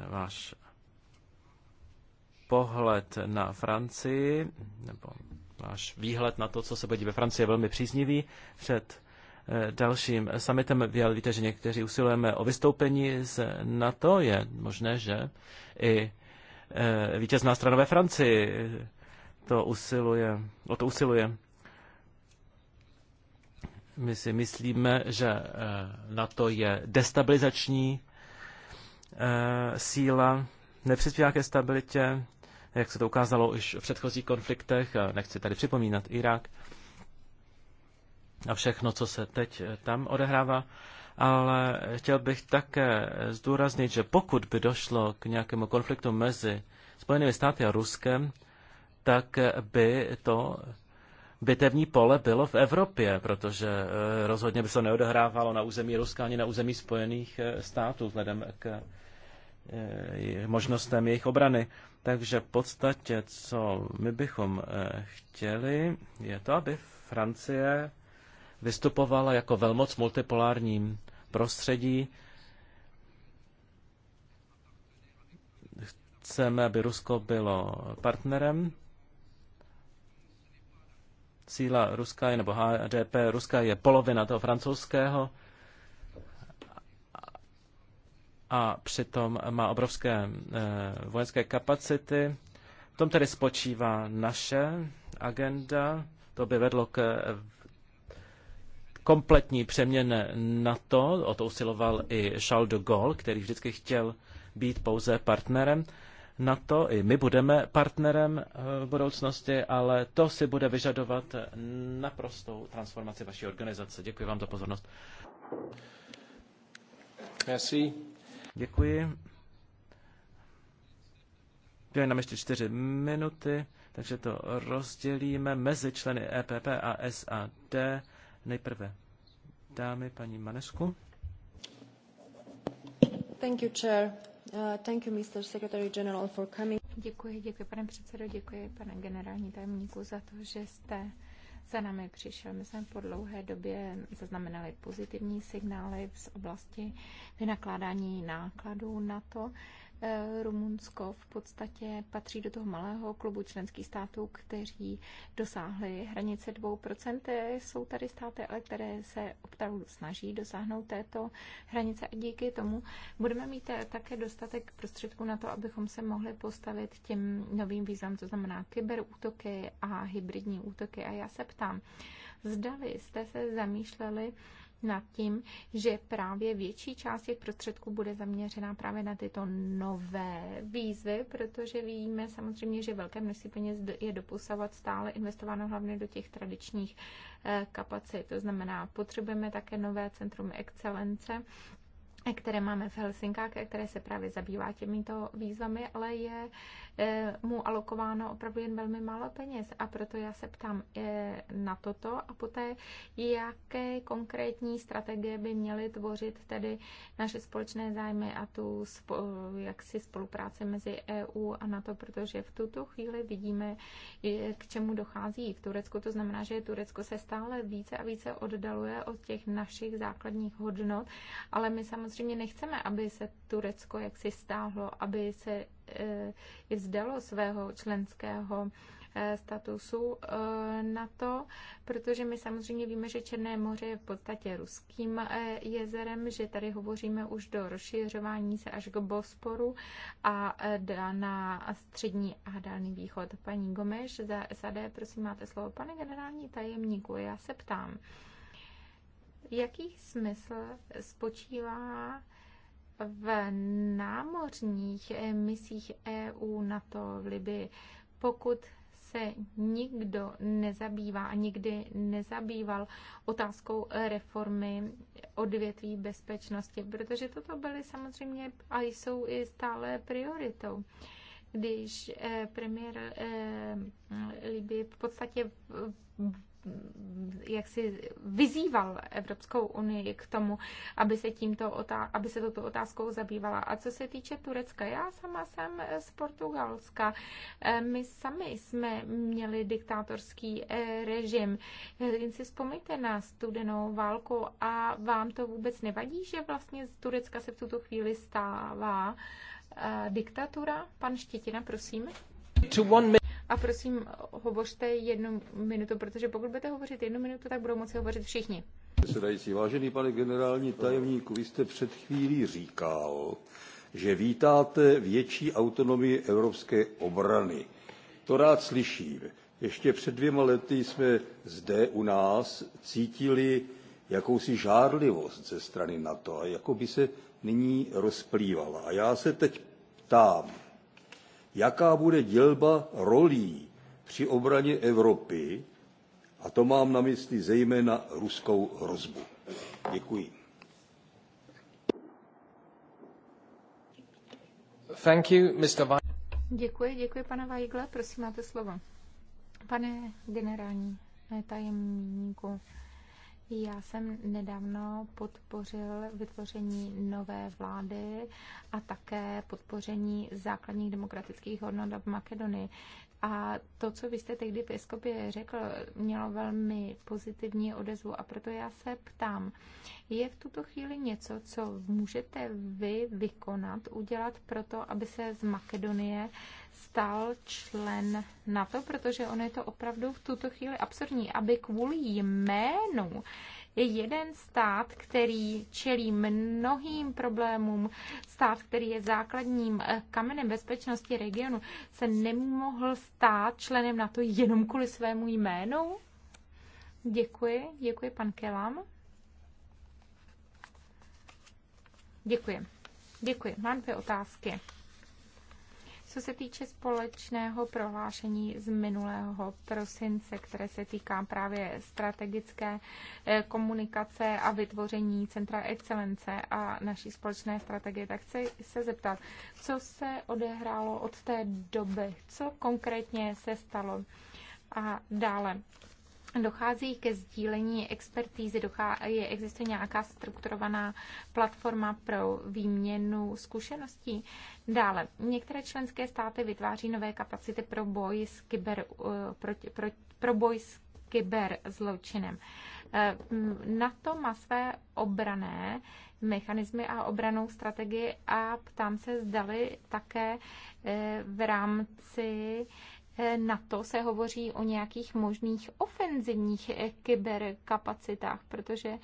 váš pohled na Francii, nebo váš výhled na to, co se bude ve Francii, je velmi příznivý. Před Eh, dalším summitem v víte, že někteří usilujeme o vystoupení z NATO. Je možné, že i eh, vítězná strana ve Francii to usiluje, o to usiluje. My si myslíme, že eh, NATO je destabilizační síla, nepřispívá ke stabilitě, jak se to ukázalo už v předchozích konfliktech, nechci tady připomínat Irák a všechno, co se teď eh, tam odehrává. Ale chtěl bych také zdůraznit, že pokud by došlo k nějakému konfliktu mezi Spojenými státy a Ruskem, tak by to bitevní pole bylo v Evropě, protože eh, rozhodně by se neodehrávalo na území Ruska ani na území Spojených eh, států vzhledem k možnostem jejich obrany. Takže v podstatě, co my bychom chtěli, je to, aby Francie vystupovala jako velmoc multipolárním prostředí. Chceme, aby Rusko bylo partnerem. Síla Ruska je, nebo HDP Ruska je polovina toho francouzského a přitom má obrovské eh, vojenské kapacity. V tom tedy spočívá naše agenda. To by vedlo k kompletní přeměn to. o to usiloval i Charles de Gaulle, který vždycky chtěl být pouze partnerem Na to i my budeme partnerem eh, v budoucnosti, ale to si bude vyžadovat naprostou transformaci vaší organizace. Děkuji vám za pozornost. Merci. Děkuji. Děkuji nám ještě čtyři minuty, takže to rozdělíme mezi členy EPP a SAD. Nejprve dáme paní Manesku. Thank you, Chair. Uh, thank you, Mr. Secretary General, for coming. Děkuji, děkuji, pane předsedo, děkuji, pane generální tajemníku, za to, že jste za námi přišel. My jsme po dlouhé době zaznamenali pozitivní signály z oblasti vynakládání nákladů na to. Eh, Rumunsko v podstatě patří do toho malého klubu členských států, kteří dosáhli hranice 2%. Jsou tady státy, ale které se opravdu snaží dosáhnout této hranice a díky tomu budeme mít eh, také dostatek prostředků na to, abychom se mohli postavit těm novým výzvám, to znamená kyberútoky a hybridní útoky. A já se ptám, zdali jste se zamýšleli, nad tím, že právě větší část těch prostředků bude zaměřená právě na tyto nové výzvy, protože víme samozřejmě, že velké množství peněz je doposavat stále investováno hlavně do těch tradičních eh, kapacit. To znamená, potřebujeme také nové centrum excelence, které máme v Helsinkách, které se právě zabývá těmito výzvami, ale je Eh, mu alokováno opravdu jen velmi málo peněz. A proto já se ptám eh, na toto a poté, jaké konkrétní strategie by měly tvořit tedy naše společné zájmy a tu jaksi spolupráci mezi EU a NATO, protože v tuto chvíli vidíme, k čemu dochází v Turecku. To znamená, že Turecko se stále více a více oddaluje od těch našich základních hodnot, ale my samozřejmě nechceme, aby se Turecko jaksi stáhlo, aby se Eh, vzdalo svého členského eh, statusu eh, na to, protože my samozřejmě víme, že Černé moře je v podstatě ruským jezerem, že tady hovoříme už do rozšiřování se až k Bosporu a na střední a dálný východ. Paní Gomeš za SAD, prosím, máte slovo. Pane generální tajemníku, já se ptám, jaký smysl spočívá v námořních misích EU na to v Libii, pokud se nikdo nezabývá a nikdy nezabýval otázkou reformy odvětví bezpečnosti, protože toto byly samozřejmě a jsou i stále prioritou. Když eh, premiér eh, Libie v podstatě jak si vyzýval Evropskou unii k tomu, aby se, tímto aby se toto otázkou zabývala. A co se týče Turecka, já sama jsem z Portugalska. E, my sami jsme měli diktátorský e, režim. Jen si vzpomeňte na studenou válku a vám to vůbec nevadí, že vlastně z Turecka se v tuto chvíli stává e, diktatura? Pan Štětina, prosím. To one a prosím, hovořte jednu minutu, protože pokud budete hovořit jednu minutu, tak budou moci hovořit všichni. Předsedající, vážený pane generální tajemníku, vy jste před chvílí říkal, že vítáte větší autonomii evropské obrany. To rád slyším. Ještě před dvěma lety jsme zde u nás cítili jakousi žárlivost ze strany NATO a jako by se nyní rozplývala. A já se teď ptám, jaká bude dělba rolí při obraně Evropy, a to mám na mysli zejména ruskou hrozbu. Děkuji. Thank you, Mr. Děkuji, děkuji, pane Weigle. Prosím, máte slovo. Pane generální tajemníku, já jsem nedávno podpořil vytvoření nové vlády a také podpoření základních demokratických hodnot v Makedonii. A to, co vy jste tehdy v Eskopě řekl, mělo velmi pozitivní odezvu a proto já se ptám, je v tuto chvíli něco, co můžete vy vykonat, udělat proto, aby se z Makedonie stal člen NATO, protože ono je to opravdu v tuto chvíli absurdní, aby kvůli jménu je jeden stát, který čelí mnohým problémům, stát, který je základním eh, kamenem bezpečnosti regionu, se nemohl stát členem NATO jenom kvůli svému jménu? Děkuji, děkuji pan Kelam. Děkuji. Děkuji. Mám dvě otázky. Co se týče společného prohlášení z minulého prosince, které se týká právě strategické eh, komunikace a vytvoření Centra excelence a naší společné strategie, tak chci se zeptat, co se odehrálo od té doby, co konkrétně se stalo. A dále, dochází ke sdílení expertízy, dochá, je, existuje nějaká strukturovaná platforma pro výměnu zkušeností. Dále, některé členské státy vytváří nové kapacity pro boj s kyber, uh, pro, pro, pro boj s kyberzločinem. Eh, na to má své obrané mechanismy a obranou strategii a ptám se, zdali také eh, v rámci Eh, na to se hovoří o nějakých možných ofenzivních eh, kyberkapacitách, protože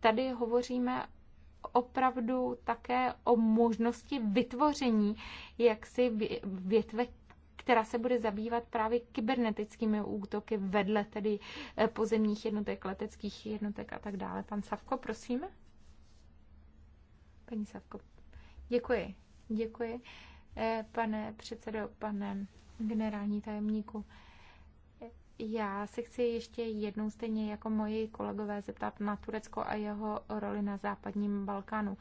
tady hovoříme opravdu také o možnosti vytvoření jaksi větve, která se bude zabývat právě kybernetickými útoky vedle tedy eh, pozemních jednotek, leteckých jednotek a tak dále. Pan Savko, prosím. Paní Savko, děkuji. Děkuji, pane předsedo, pane generální tajemníku. Já se chci ještě jednou stejně jako moji kolegové zeptat na Turecko a jeho roli na západním Balkánu.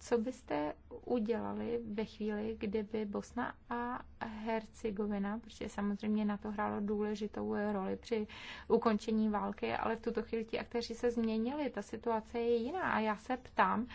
Co byste udělali ve chvíli, kdyby Bosna a Hercegovina, protože samozřejmě na to hrálo důležitou roli při ukončení války, ale v tuto chvíli ti aktéři se změnili, ta situace je jiná a já se ptám,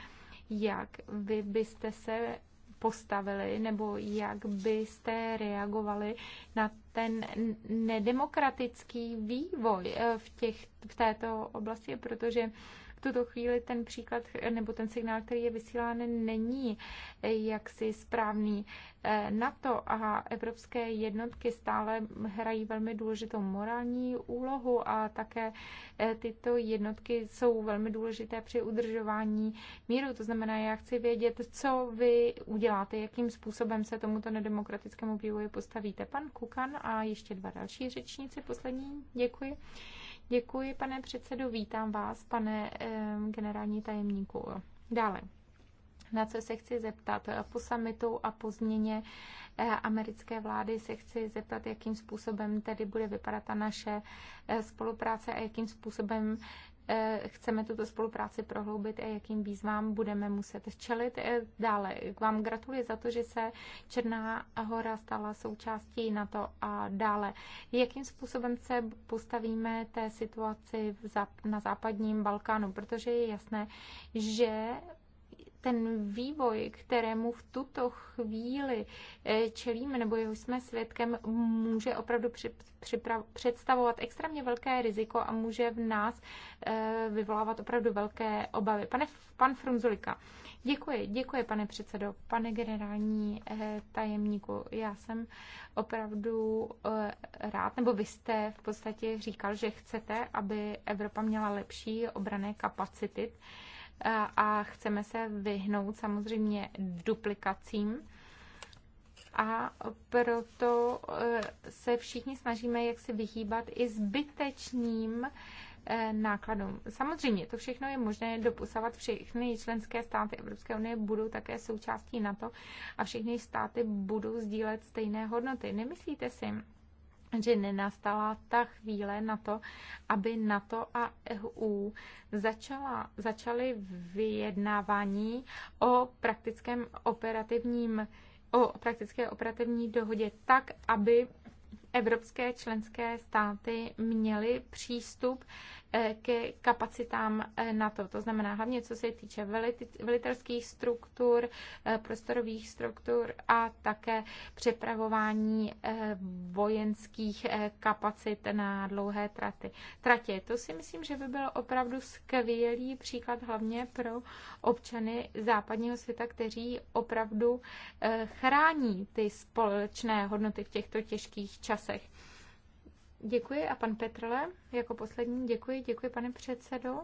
jak vy byste se postavili nebo jak byste reagovali na ten nedemokratický vývoj eh, v, těch, v této oblasti, protože v tuto chvíli ten příklad nebo ten signál, který je vysílán, není jaksi správný. E, NATO a evropské jednotky stále hrají velmi důležitou morální úlohu a také e, tyto jednotky jsou velmi důležité při udržování míru. To znamená, já chci vědět, co vy uděláte, jakým způsobem se tomuto nedemokratickému vývoji postavíte. Pan Kukan a ještě dva další řečníci, poslední. Děkuji. Děkuji, pane předsedu. vítám vás, pane eh, generální tajemníku. Dále. Na co se chci zeptat? Po samitu a po změně eh, americké vlády se chci zeptat, jakým způsobem tedy bude vypadat ta naše eh, spolupráce a jakým způsobem Eh, chceme tuto spolupráci prohloubit a jakým výzvám budeme muset čelit. Eh, dále k vám gratuluji za to, že se Černá hora stala součástí NATO a dále. Jakým způsobem se postavíme té situaci na západním Balkánu, protože je jasné, že ten vývoj, kterému v tuto chvíli eh, čelíme nebo jeho jsme svědkem, může opravdu představovat extrémně velké riziko a může v nás eh, vyvolávat opravdu velké obavy. Pane, pan Frunzulika, děkuji, děkuji, pane předsedo, pane generální eh, tajemníku. Já jsem opravdu rád, nebo vy jste v podstatě říkal, že chcete, aby Evropa měla lepší obrané kapacity a chceme se vyhnout samozřejmě duplikacím. A proto e, se všichni snažíme jak si vyhýbat i zbytečným e, nákladům. Samozřejmě to všechno je možné dopusovat. Všechny členské státy Evropské unie budou také součástí NATO a všechny státy budou sdílet stejné hodnoty. Nemyslíte si, že nenastala ta chvíle na to, aby NATO a EU začala, začaly vyjednávání o praktickém operativním o praktické operativní dohodě tak, aby evropské členské státy měly přístup Eh, ke kapacitám eh, na To to znamená hlavně, co se týče velitelských struktur, eh, prostorových struktur a také přepravování vojenských kapacit na dlouhé traty. tratě. To si myslím, že by byl opravdu skvělý příklad hlavně pro občany západního světa, kteří opravdu chrání ty společné hodnoty v těchto těžkých časech. Děkuji a pan Petrle jako poslední. Děkuji, děkuji pane předsedo.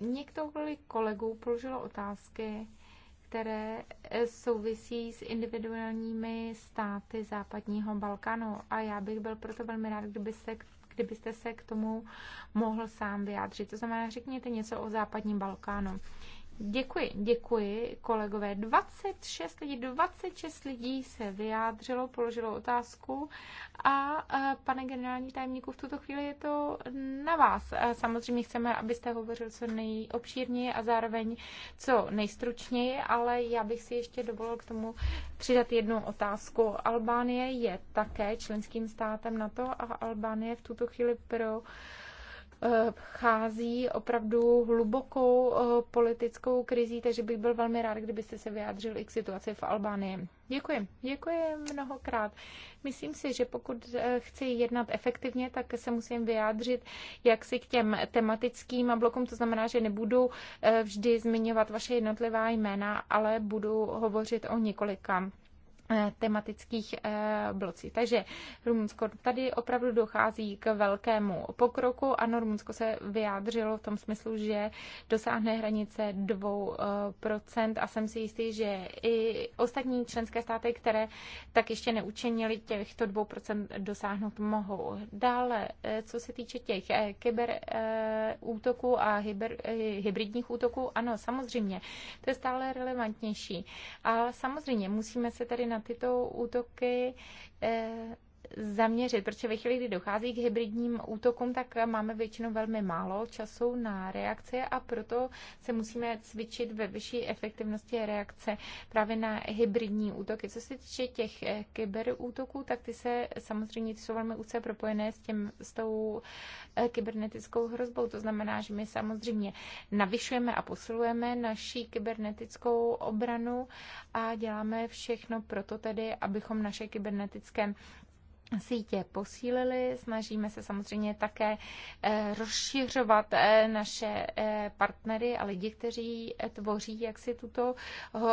Několik kolegů položilo otázky, které souvisí s individuálními státy západního Balkánu. A já bych byl proto velmi rád, kdyby se, kdybyste se k tomu mohl sám vyjádřit. To znamená, řekněte něco o západním Balkánu. Děkuji, děkuji, kolegové. 26 lidí, 26 lidí se vyjádřilo, položilo otázku a pane generální tajemníku, v tuto chvíli je to na vás. Samozřejmě chceme, abyste hovořil co nejobšírněji a zároveň co nejstručněji, ale já bych si ještě dovolil k tomu přidat jednu otázku. Albánie je také členským státem na to a Albánie v tuto chvíli pro chází opravdu hlubokou eh, politickou krizí, takže bych byl velmi rád, kdybyste se vyjádřili k situaci v Albánii. Děkuji, děkuji mnohokrát. Myslím si, že pokud eh, chci jednat efektivně, tak se musím vyjádřit si k těm tematickým blokům, to znamená, že nebudu eh, vždy zmiňovat vaše jednotlivá jména, ale budu hovořit o několika Eh, tematických eh, blocích. Takže Rumunsko tady opravdu dochází k velkému pokroku. Ano, Rumunsko se vyjádřilo v tom smyslu, že dosáhne hranice 2% eh, a jsem si jistý, že i ostatní členské státy, které tak ještě neučinili těchto 2% dosáhnout mohou. Dále, co se týče těch kyber útoků a hyber, hybridních útoků, ano, samozřejmě, to je stále relevantnější. A samozřejmě musíme se tady na tyto útoky eh, zaměřit, protože ve chvíli, kdy dochází k hybridním útokům, tak máme většinou velmi málo času na reakce a proto se musíme cvičit ve vyšší efektivnosti reakce právě na hybridní útoky. Co se týče těch eh, kyberútoků, tak ty se samozřejmě ty jsou velmi úce propojené s, těm, s tou eh, kybernetickou hrozbou. To znamená, že my samozřejmě navyšujeme a posilujeme naší kybernetickou obranu a děláme všechno proto tedy, abychom naše kybernetické sítě posílili. Snažíme se samozřejmě také eh, rozšiřovat eh, naše eh, partnery a lidi, kteří tvoří jaksi tuto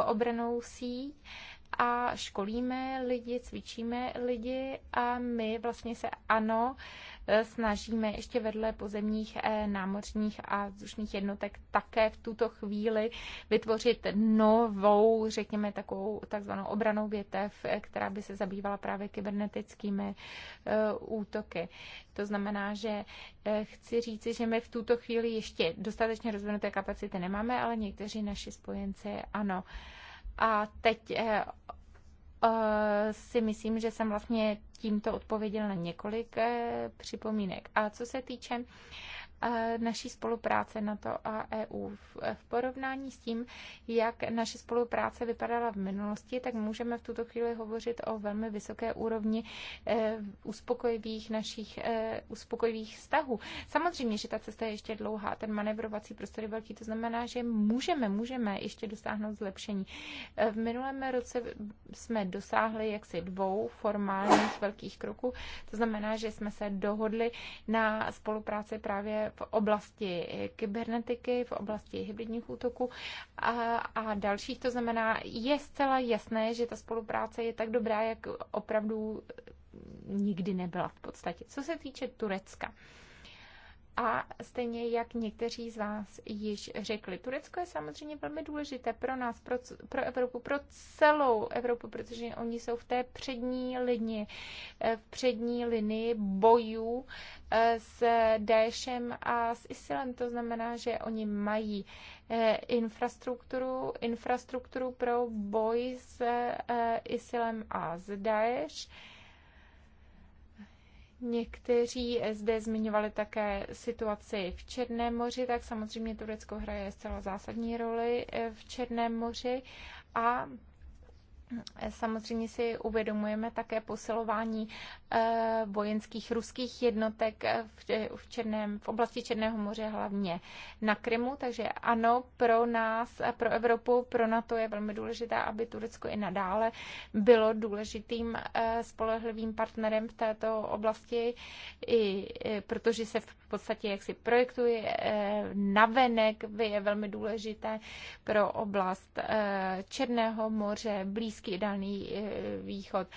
obranou síť a školíme lidi, cvičíme lidi a my vlastně se ano snažíme ještě vedle pozemních eh, námořních a vzdušných jednotek také v tuto chvíli vytvořit novou, řekněme, takovou takzvanou obranou větev, eh, která by se zabývala právě kybernetickými eh, útoky. To znamená, že chci říci, že my v tuto chvíli ještě dostatečně rozvinuté kapacity nemáme, ale někteří naši spojenci ano. A teď Eh, si myslím, že jsem vlastně tímto odpověděl na několik eh, připomínek. A co se týče naší spolupráce na to a EU. V porovnání s tím, jak naše spolupráce vypadala v minulosti, tak můžeme v tuto chvíli hovořit o velmi vysoké úrovni eh, uspokojivých našich eh, uspokojivých vztahů. Samozřejmě, že ta cesta je ještě dlouhá, ten manevrovací prostor je velký, to znamená, že můžeme, můžeme ještě dosáhnout zlepšení. Eh, v minulém roce jsme dosáhli jaksi dvou formálních velkých kroků, to znamená, že jsme se dohodli na spolupráci právě v oblasti kybernetiky, v oblasti hybridních útoků a, a dalších. To znamená, je zcela jasné, že ta spolupráce je tak dobrá, jak opravdu nikdy nebyla v podstatě. Co se týče Turecka, a stejně jak někteří z vás již řekli, Turecko je samozřejmě velmi důležité pro nás, pro, pro Evropu, pro celou Evropu, protože oni jsou v té přední linii, eh, v přední linii bojů eh, s Daešem a s Isilem. To znamená, že oni mají eh, infrastrukturu, infrastrukturu pro boj s Isilem a s Daesh. Někteří zde zmiňovali také situaci v Černém moři, tak samozřejmě Turecko hraje zcela zásadní roli eh, v Černém moři a Samozřejmě si uvědomujeme také posilování eh, vojenských ruských jednotek v, Černém, v oblasti Černého moře, hlavně na Krymu. Takže ano, pro nás, pro Evropu, pro NATO je velmi důležité, aby Turecko i nadále bylo důležitým eh, spolehlivým partnerem v této oblasti, i protože se v v podstatě jak si projektuje eh, navenek, je velmi důležité pro oblast eh, Černého moře, Blízký daný eh, východ.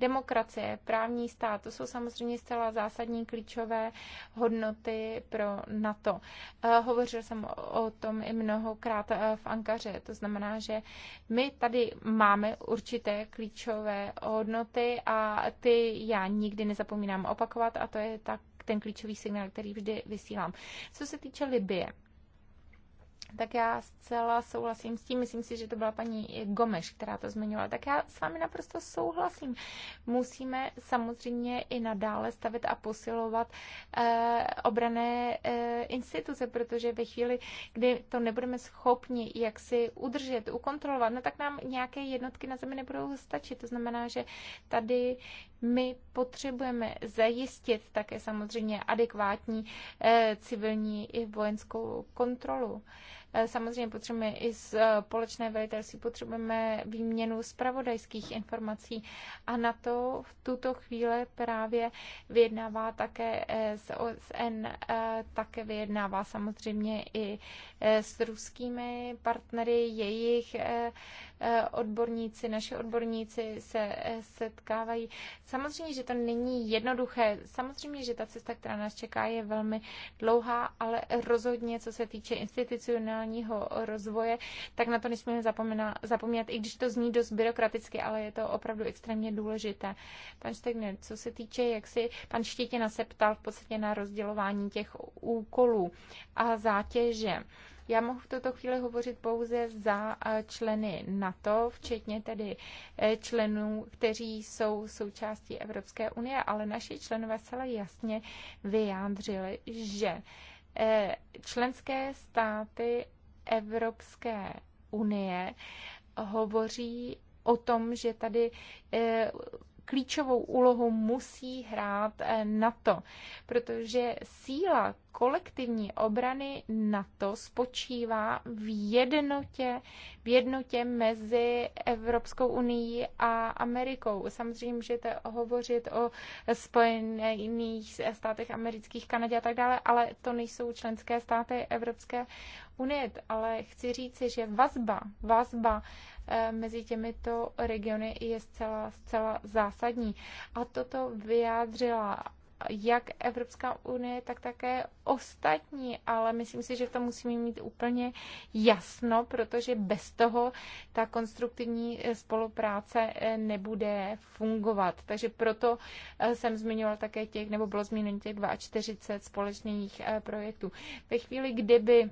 Demokracie, právní stát, to jsou samozřejmě zcela zásadní klíčové hodnoty pro NATO. Hovořil jsem o tom i mnohokrát v Ankaře, to znamená, že my tady máme určité klíčové hodnoty a ty já nikdy nezapomínám opakovat a to je ta ten klíčový signál, který vždy vysílám. Co se týče Libie, tak já zcela souhlasím s tím, myslím si, že to byla paní Gomeš, která to zmiňovala, tak já s vámi naprosto souhlasím. Musíme samozřejmě i nadále stavit a posilovat eh, obrané eh, instituce, protože ve chvíli, kdy to nebudeme schopni jak si udržet, ukontrolovat, no tak nám nějaké jednotky na zemi nebudou stačit. To znamená, že tady my potřebujeme zajistit také samozřejmě adekvátní eh, civilní i vojenskou kontrolu. Eh, samozřejmě potřebujeme i eh, společné velitelství, potřebujeme výměnu zpravodajských informací a na to v tuto chvíli právě vyjednává také s OSN, také vyjednává samozřejmě i s ruskými partnery jejich Eh, odborníci, naši odborníci se eh, setkávají. Samozřejmě, že to není jednoduché. Samozřejmě, že ta cesta, která nás čeká, je velmi dlouhá, ale rozhodně, co se týče institucionálního rozvoje, tak na to nesmíme zapomínat, i když to zní dost byrokraticky, ale je to opravdu extrémně důležité. Pan Štegner, co se týče, jak si pan Štětina se ptal v podstatě na rozdělování těch úkolů a zátěže. Já mohu v tuto chvíli hovořit pouze za eh, členy NATO, včetně tedy eh, členů, kteří jsou součástí Evropské unie, ale naši členové celé jasně vyjádřili, že eh, členské státy Evropské unie hovoří o tom, že tady klíčovou úlohu musí hrát NATO, protože síla kolektivní obrany NATO spočívá v jednotě, v jednotě mezi Evropskou unii a Amerikou. Samozřejmě můžete hovořit o Spojených státech amerických, Kanadě a tak dále, ale to nejsou členské státy Evropské unie. Ale chci říci, že vazba, vazba eh, mezi těmito regiony je zcela, zcela zásadní. A toto vyjádřila jak Evropská unie, tak také ostatní, ale myslím si, že to musíme mít úplně jasno, protože bez toho ta konstruktivní eh, spolupráce eh, nebude fungovat. Takže proto eh, jsem zmiňoval také těch, nebo bylo zmíněno těch 42 společných projektů. Ve chvíli, kdyby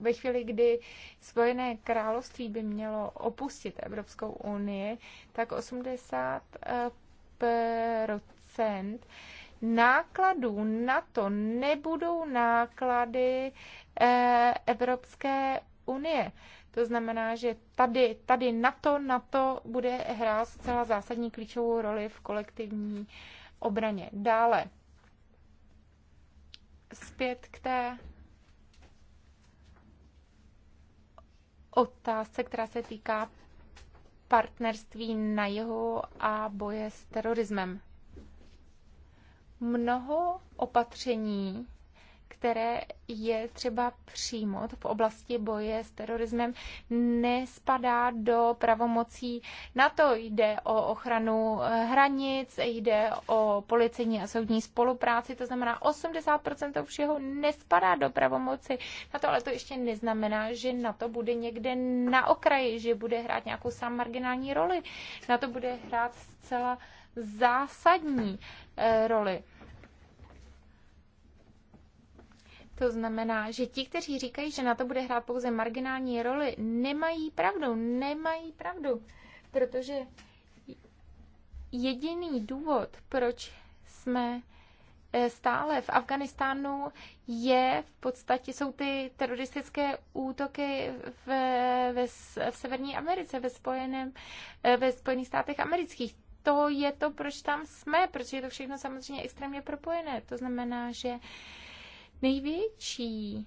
ve chvíli, kdy Spojené království by mělo opustit Evropskou unii, tak 80 nákladů na to nebudou náklady eh, Evropské unie. To znamená, že tady, tady na to, na to bude hrát zcela zásadní klíčovou roli v kolektivní obraně. Dále zpět k té otázce, která se týká partnerství na jeho a boje s terorismem mnoho opatření, které je třeba přijmout v oblasti boje s terorismem, nespadá do pravomocí NATO. Jde o ochranu eh, hranic, jde o policejní a soudní spolupráci, to znamená 80% všeho nespadá do pravomoci NATO, ale to ještě neznamená, že NATO bude někde na okraji, že bude hrát nějakou sám marginální roli. NATO bude hrát zcela zásadní eh, roli. To znamená, že ti, kteří říkají, že na to bude hrát pouze marginální roli, nemají pravdu, nemají pravdu, protože jediný důvod, proč jsme eh, stále v Afganistánu je v podstatě, jsou ty teroristické útoky v, v, v Severní Americe, ve, spojeném, eh, ve Spojených státech amerických. To je to, proč tam jsme, protože je to všechno samozřejmě extrémně propojené. To znamená, že uh, Největší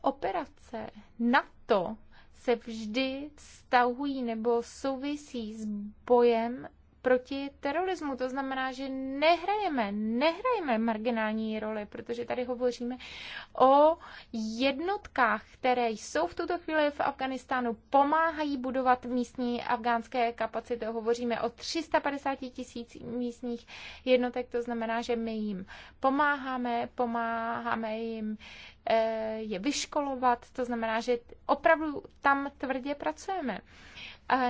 operace NATO se vždy vztahují nebo souvisí s bojem proti terorismu. To znamená, že nehrajeme, nehrajeme marginální roli, protože tady hovoříme o jednotkách, které jsou v tuto chvíli v Afganistánu, pomáhají budovat místní afgánské kapacity. Hovoříme o 350 tisíc místních jednotek, to znamená, že my jim pomáháme, pomáháme jim eh, je vyškolovat, to znamená, že opravdu tam tvrdě pracujeme.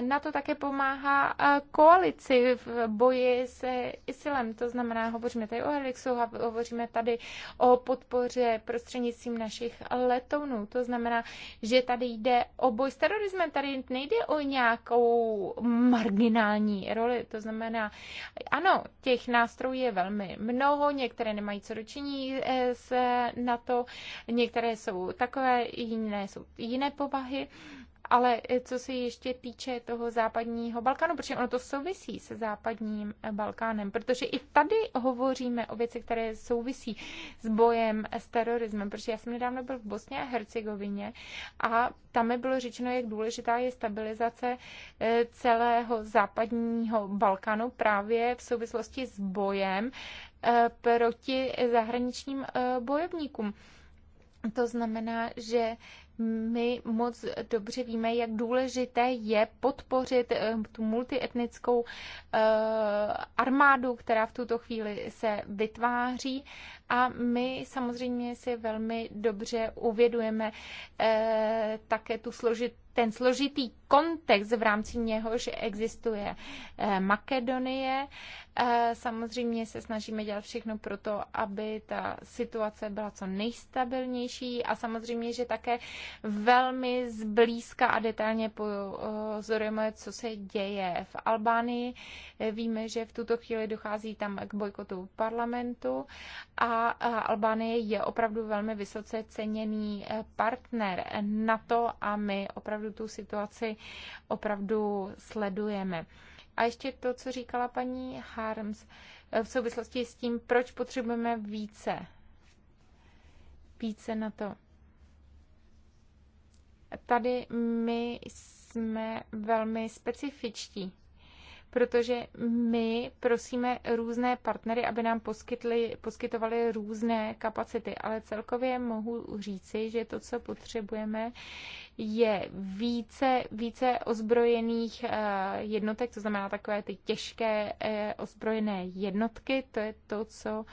Na to také pomáhá koalici v boji s ISILem. To znamená, hovoříme tady o Helixu, hovoříme tady o podpoře prostřednictvím našich letounů. To znamená, že tady jde o boj s terorismem, tady nejde o nějakou marginální roli. To znamená, ano, těch nástrojů je velmi mnoho, některé nemají co dočiní e, s NATO, některé jsou takové, jiné jsou jiné povahy ale co se ještě týče toho západního Balkánu, protože ono to souvisí se západním eh, Balkánem, protože i tady hovoříme o věci, které souvisí s bojem eh, s terorismem, protože já jsem nedávno byl v Bosně a Hercegovině a tam mi bylo řečeno, jak důležitá je stabilizace eh, celého západního Balkánu právě v souvislosti s bojem proti zahraničním bojovníkům. To znamená, že my moc dobře víme, jak důležité je podpořit eh, tu multietnickou eh, armádu, která v tuto chvíli se vytváří. A my samozřejmě si velmi dobře uvědujeme eh, také tu složit, ten složitý kontext, v rámci něhož existuje Makedonie Samozřejmě se snažíme dělat všechno pro to, aby ta situace byla co nejstabilnější a samozřejmě, že také velmi zblízka a detailně pozorujeme, co se děje v Albánii. Víme, že v tuto chvíli dochází tam k bojkotu parlamentu a Albánie je opravdu velmi vysoce ceněný eh, partner NATO a my opravdu tu situaci opravdu sledujeme. A ještě to, co říkala paní Harms v souvislosti s tím, proč potřebujeme více. Více na to. Tady my jsme velmi specifičtí protože my prosíme různé partnery, aby nám poskytli, poskytovali různé kapacity, ale celkově mohu říci, že to, co potřebujeme, je více, více ozbrojených eh, jednotek, to znamená takové ty těžké eh, ozbrojené jednotky, to je to, co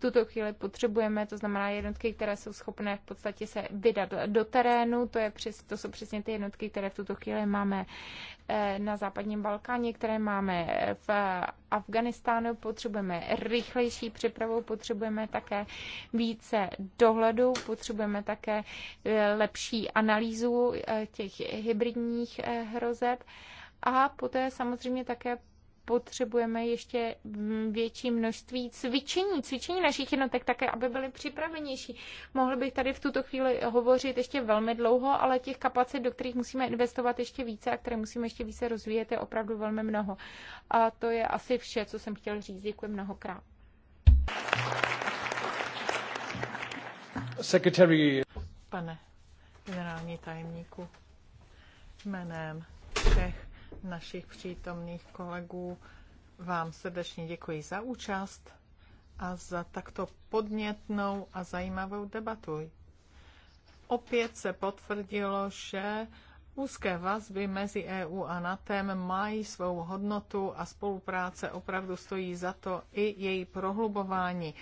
tuto chvíli potřebujeme, to znamená jednotky, které jsou schopné v podstatě se vydat do terénu, to, je přes, to jsou přesně ty jednotky, které v tuto chvíli máme eh, na západním Balkáně, které máme eh, v Afganistánu, potřebujeme rychlejší přepravu, potřebujeme také více dohledu, potřebujeme také eh, lepší analýzu těch hybridních hrozeb. A poté samozřejmě také potřebujeme ještě větší množství cvičení, cvičení našich jednotek také, aby byly připravenější. Mohl bych tady v tuto chvíli hovořit ještě velmi dlouho, ale těch kapacit, do kterých musíme investovat ještě více a které musíme ještě více rozvíjet, je opravdu velmi mnoho. A to je asi vše, co jsem chtěl říct. Děkuji mnohokrát. Secretary. Pane generální tajemníku, jménem všech našich přítomných kolegů vám srdečně děkuji za účast a za takto podnětnou a zajímavou debatu. Opět se potvrdilo, že úzké vazby mezi EU a NATEM mají svou hodnotu a spolupráce opravdu stojí za to i její prohlubování.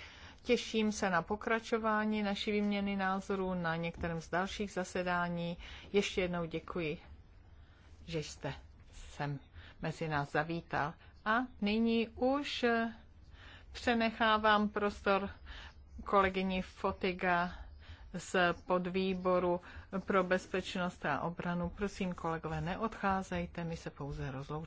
Těším se na pokračování naší výměny názorů na některém z dalších zasedání. Ještě jednou děkuji, že jste jsem mezi nás zavítal. A nyní už přenechávám prostor kolegyni Fotiga z podvýboru pro bezpečnost a obranu. Prosím, kolegové, neodcházejte, my se pouze rozloučíme.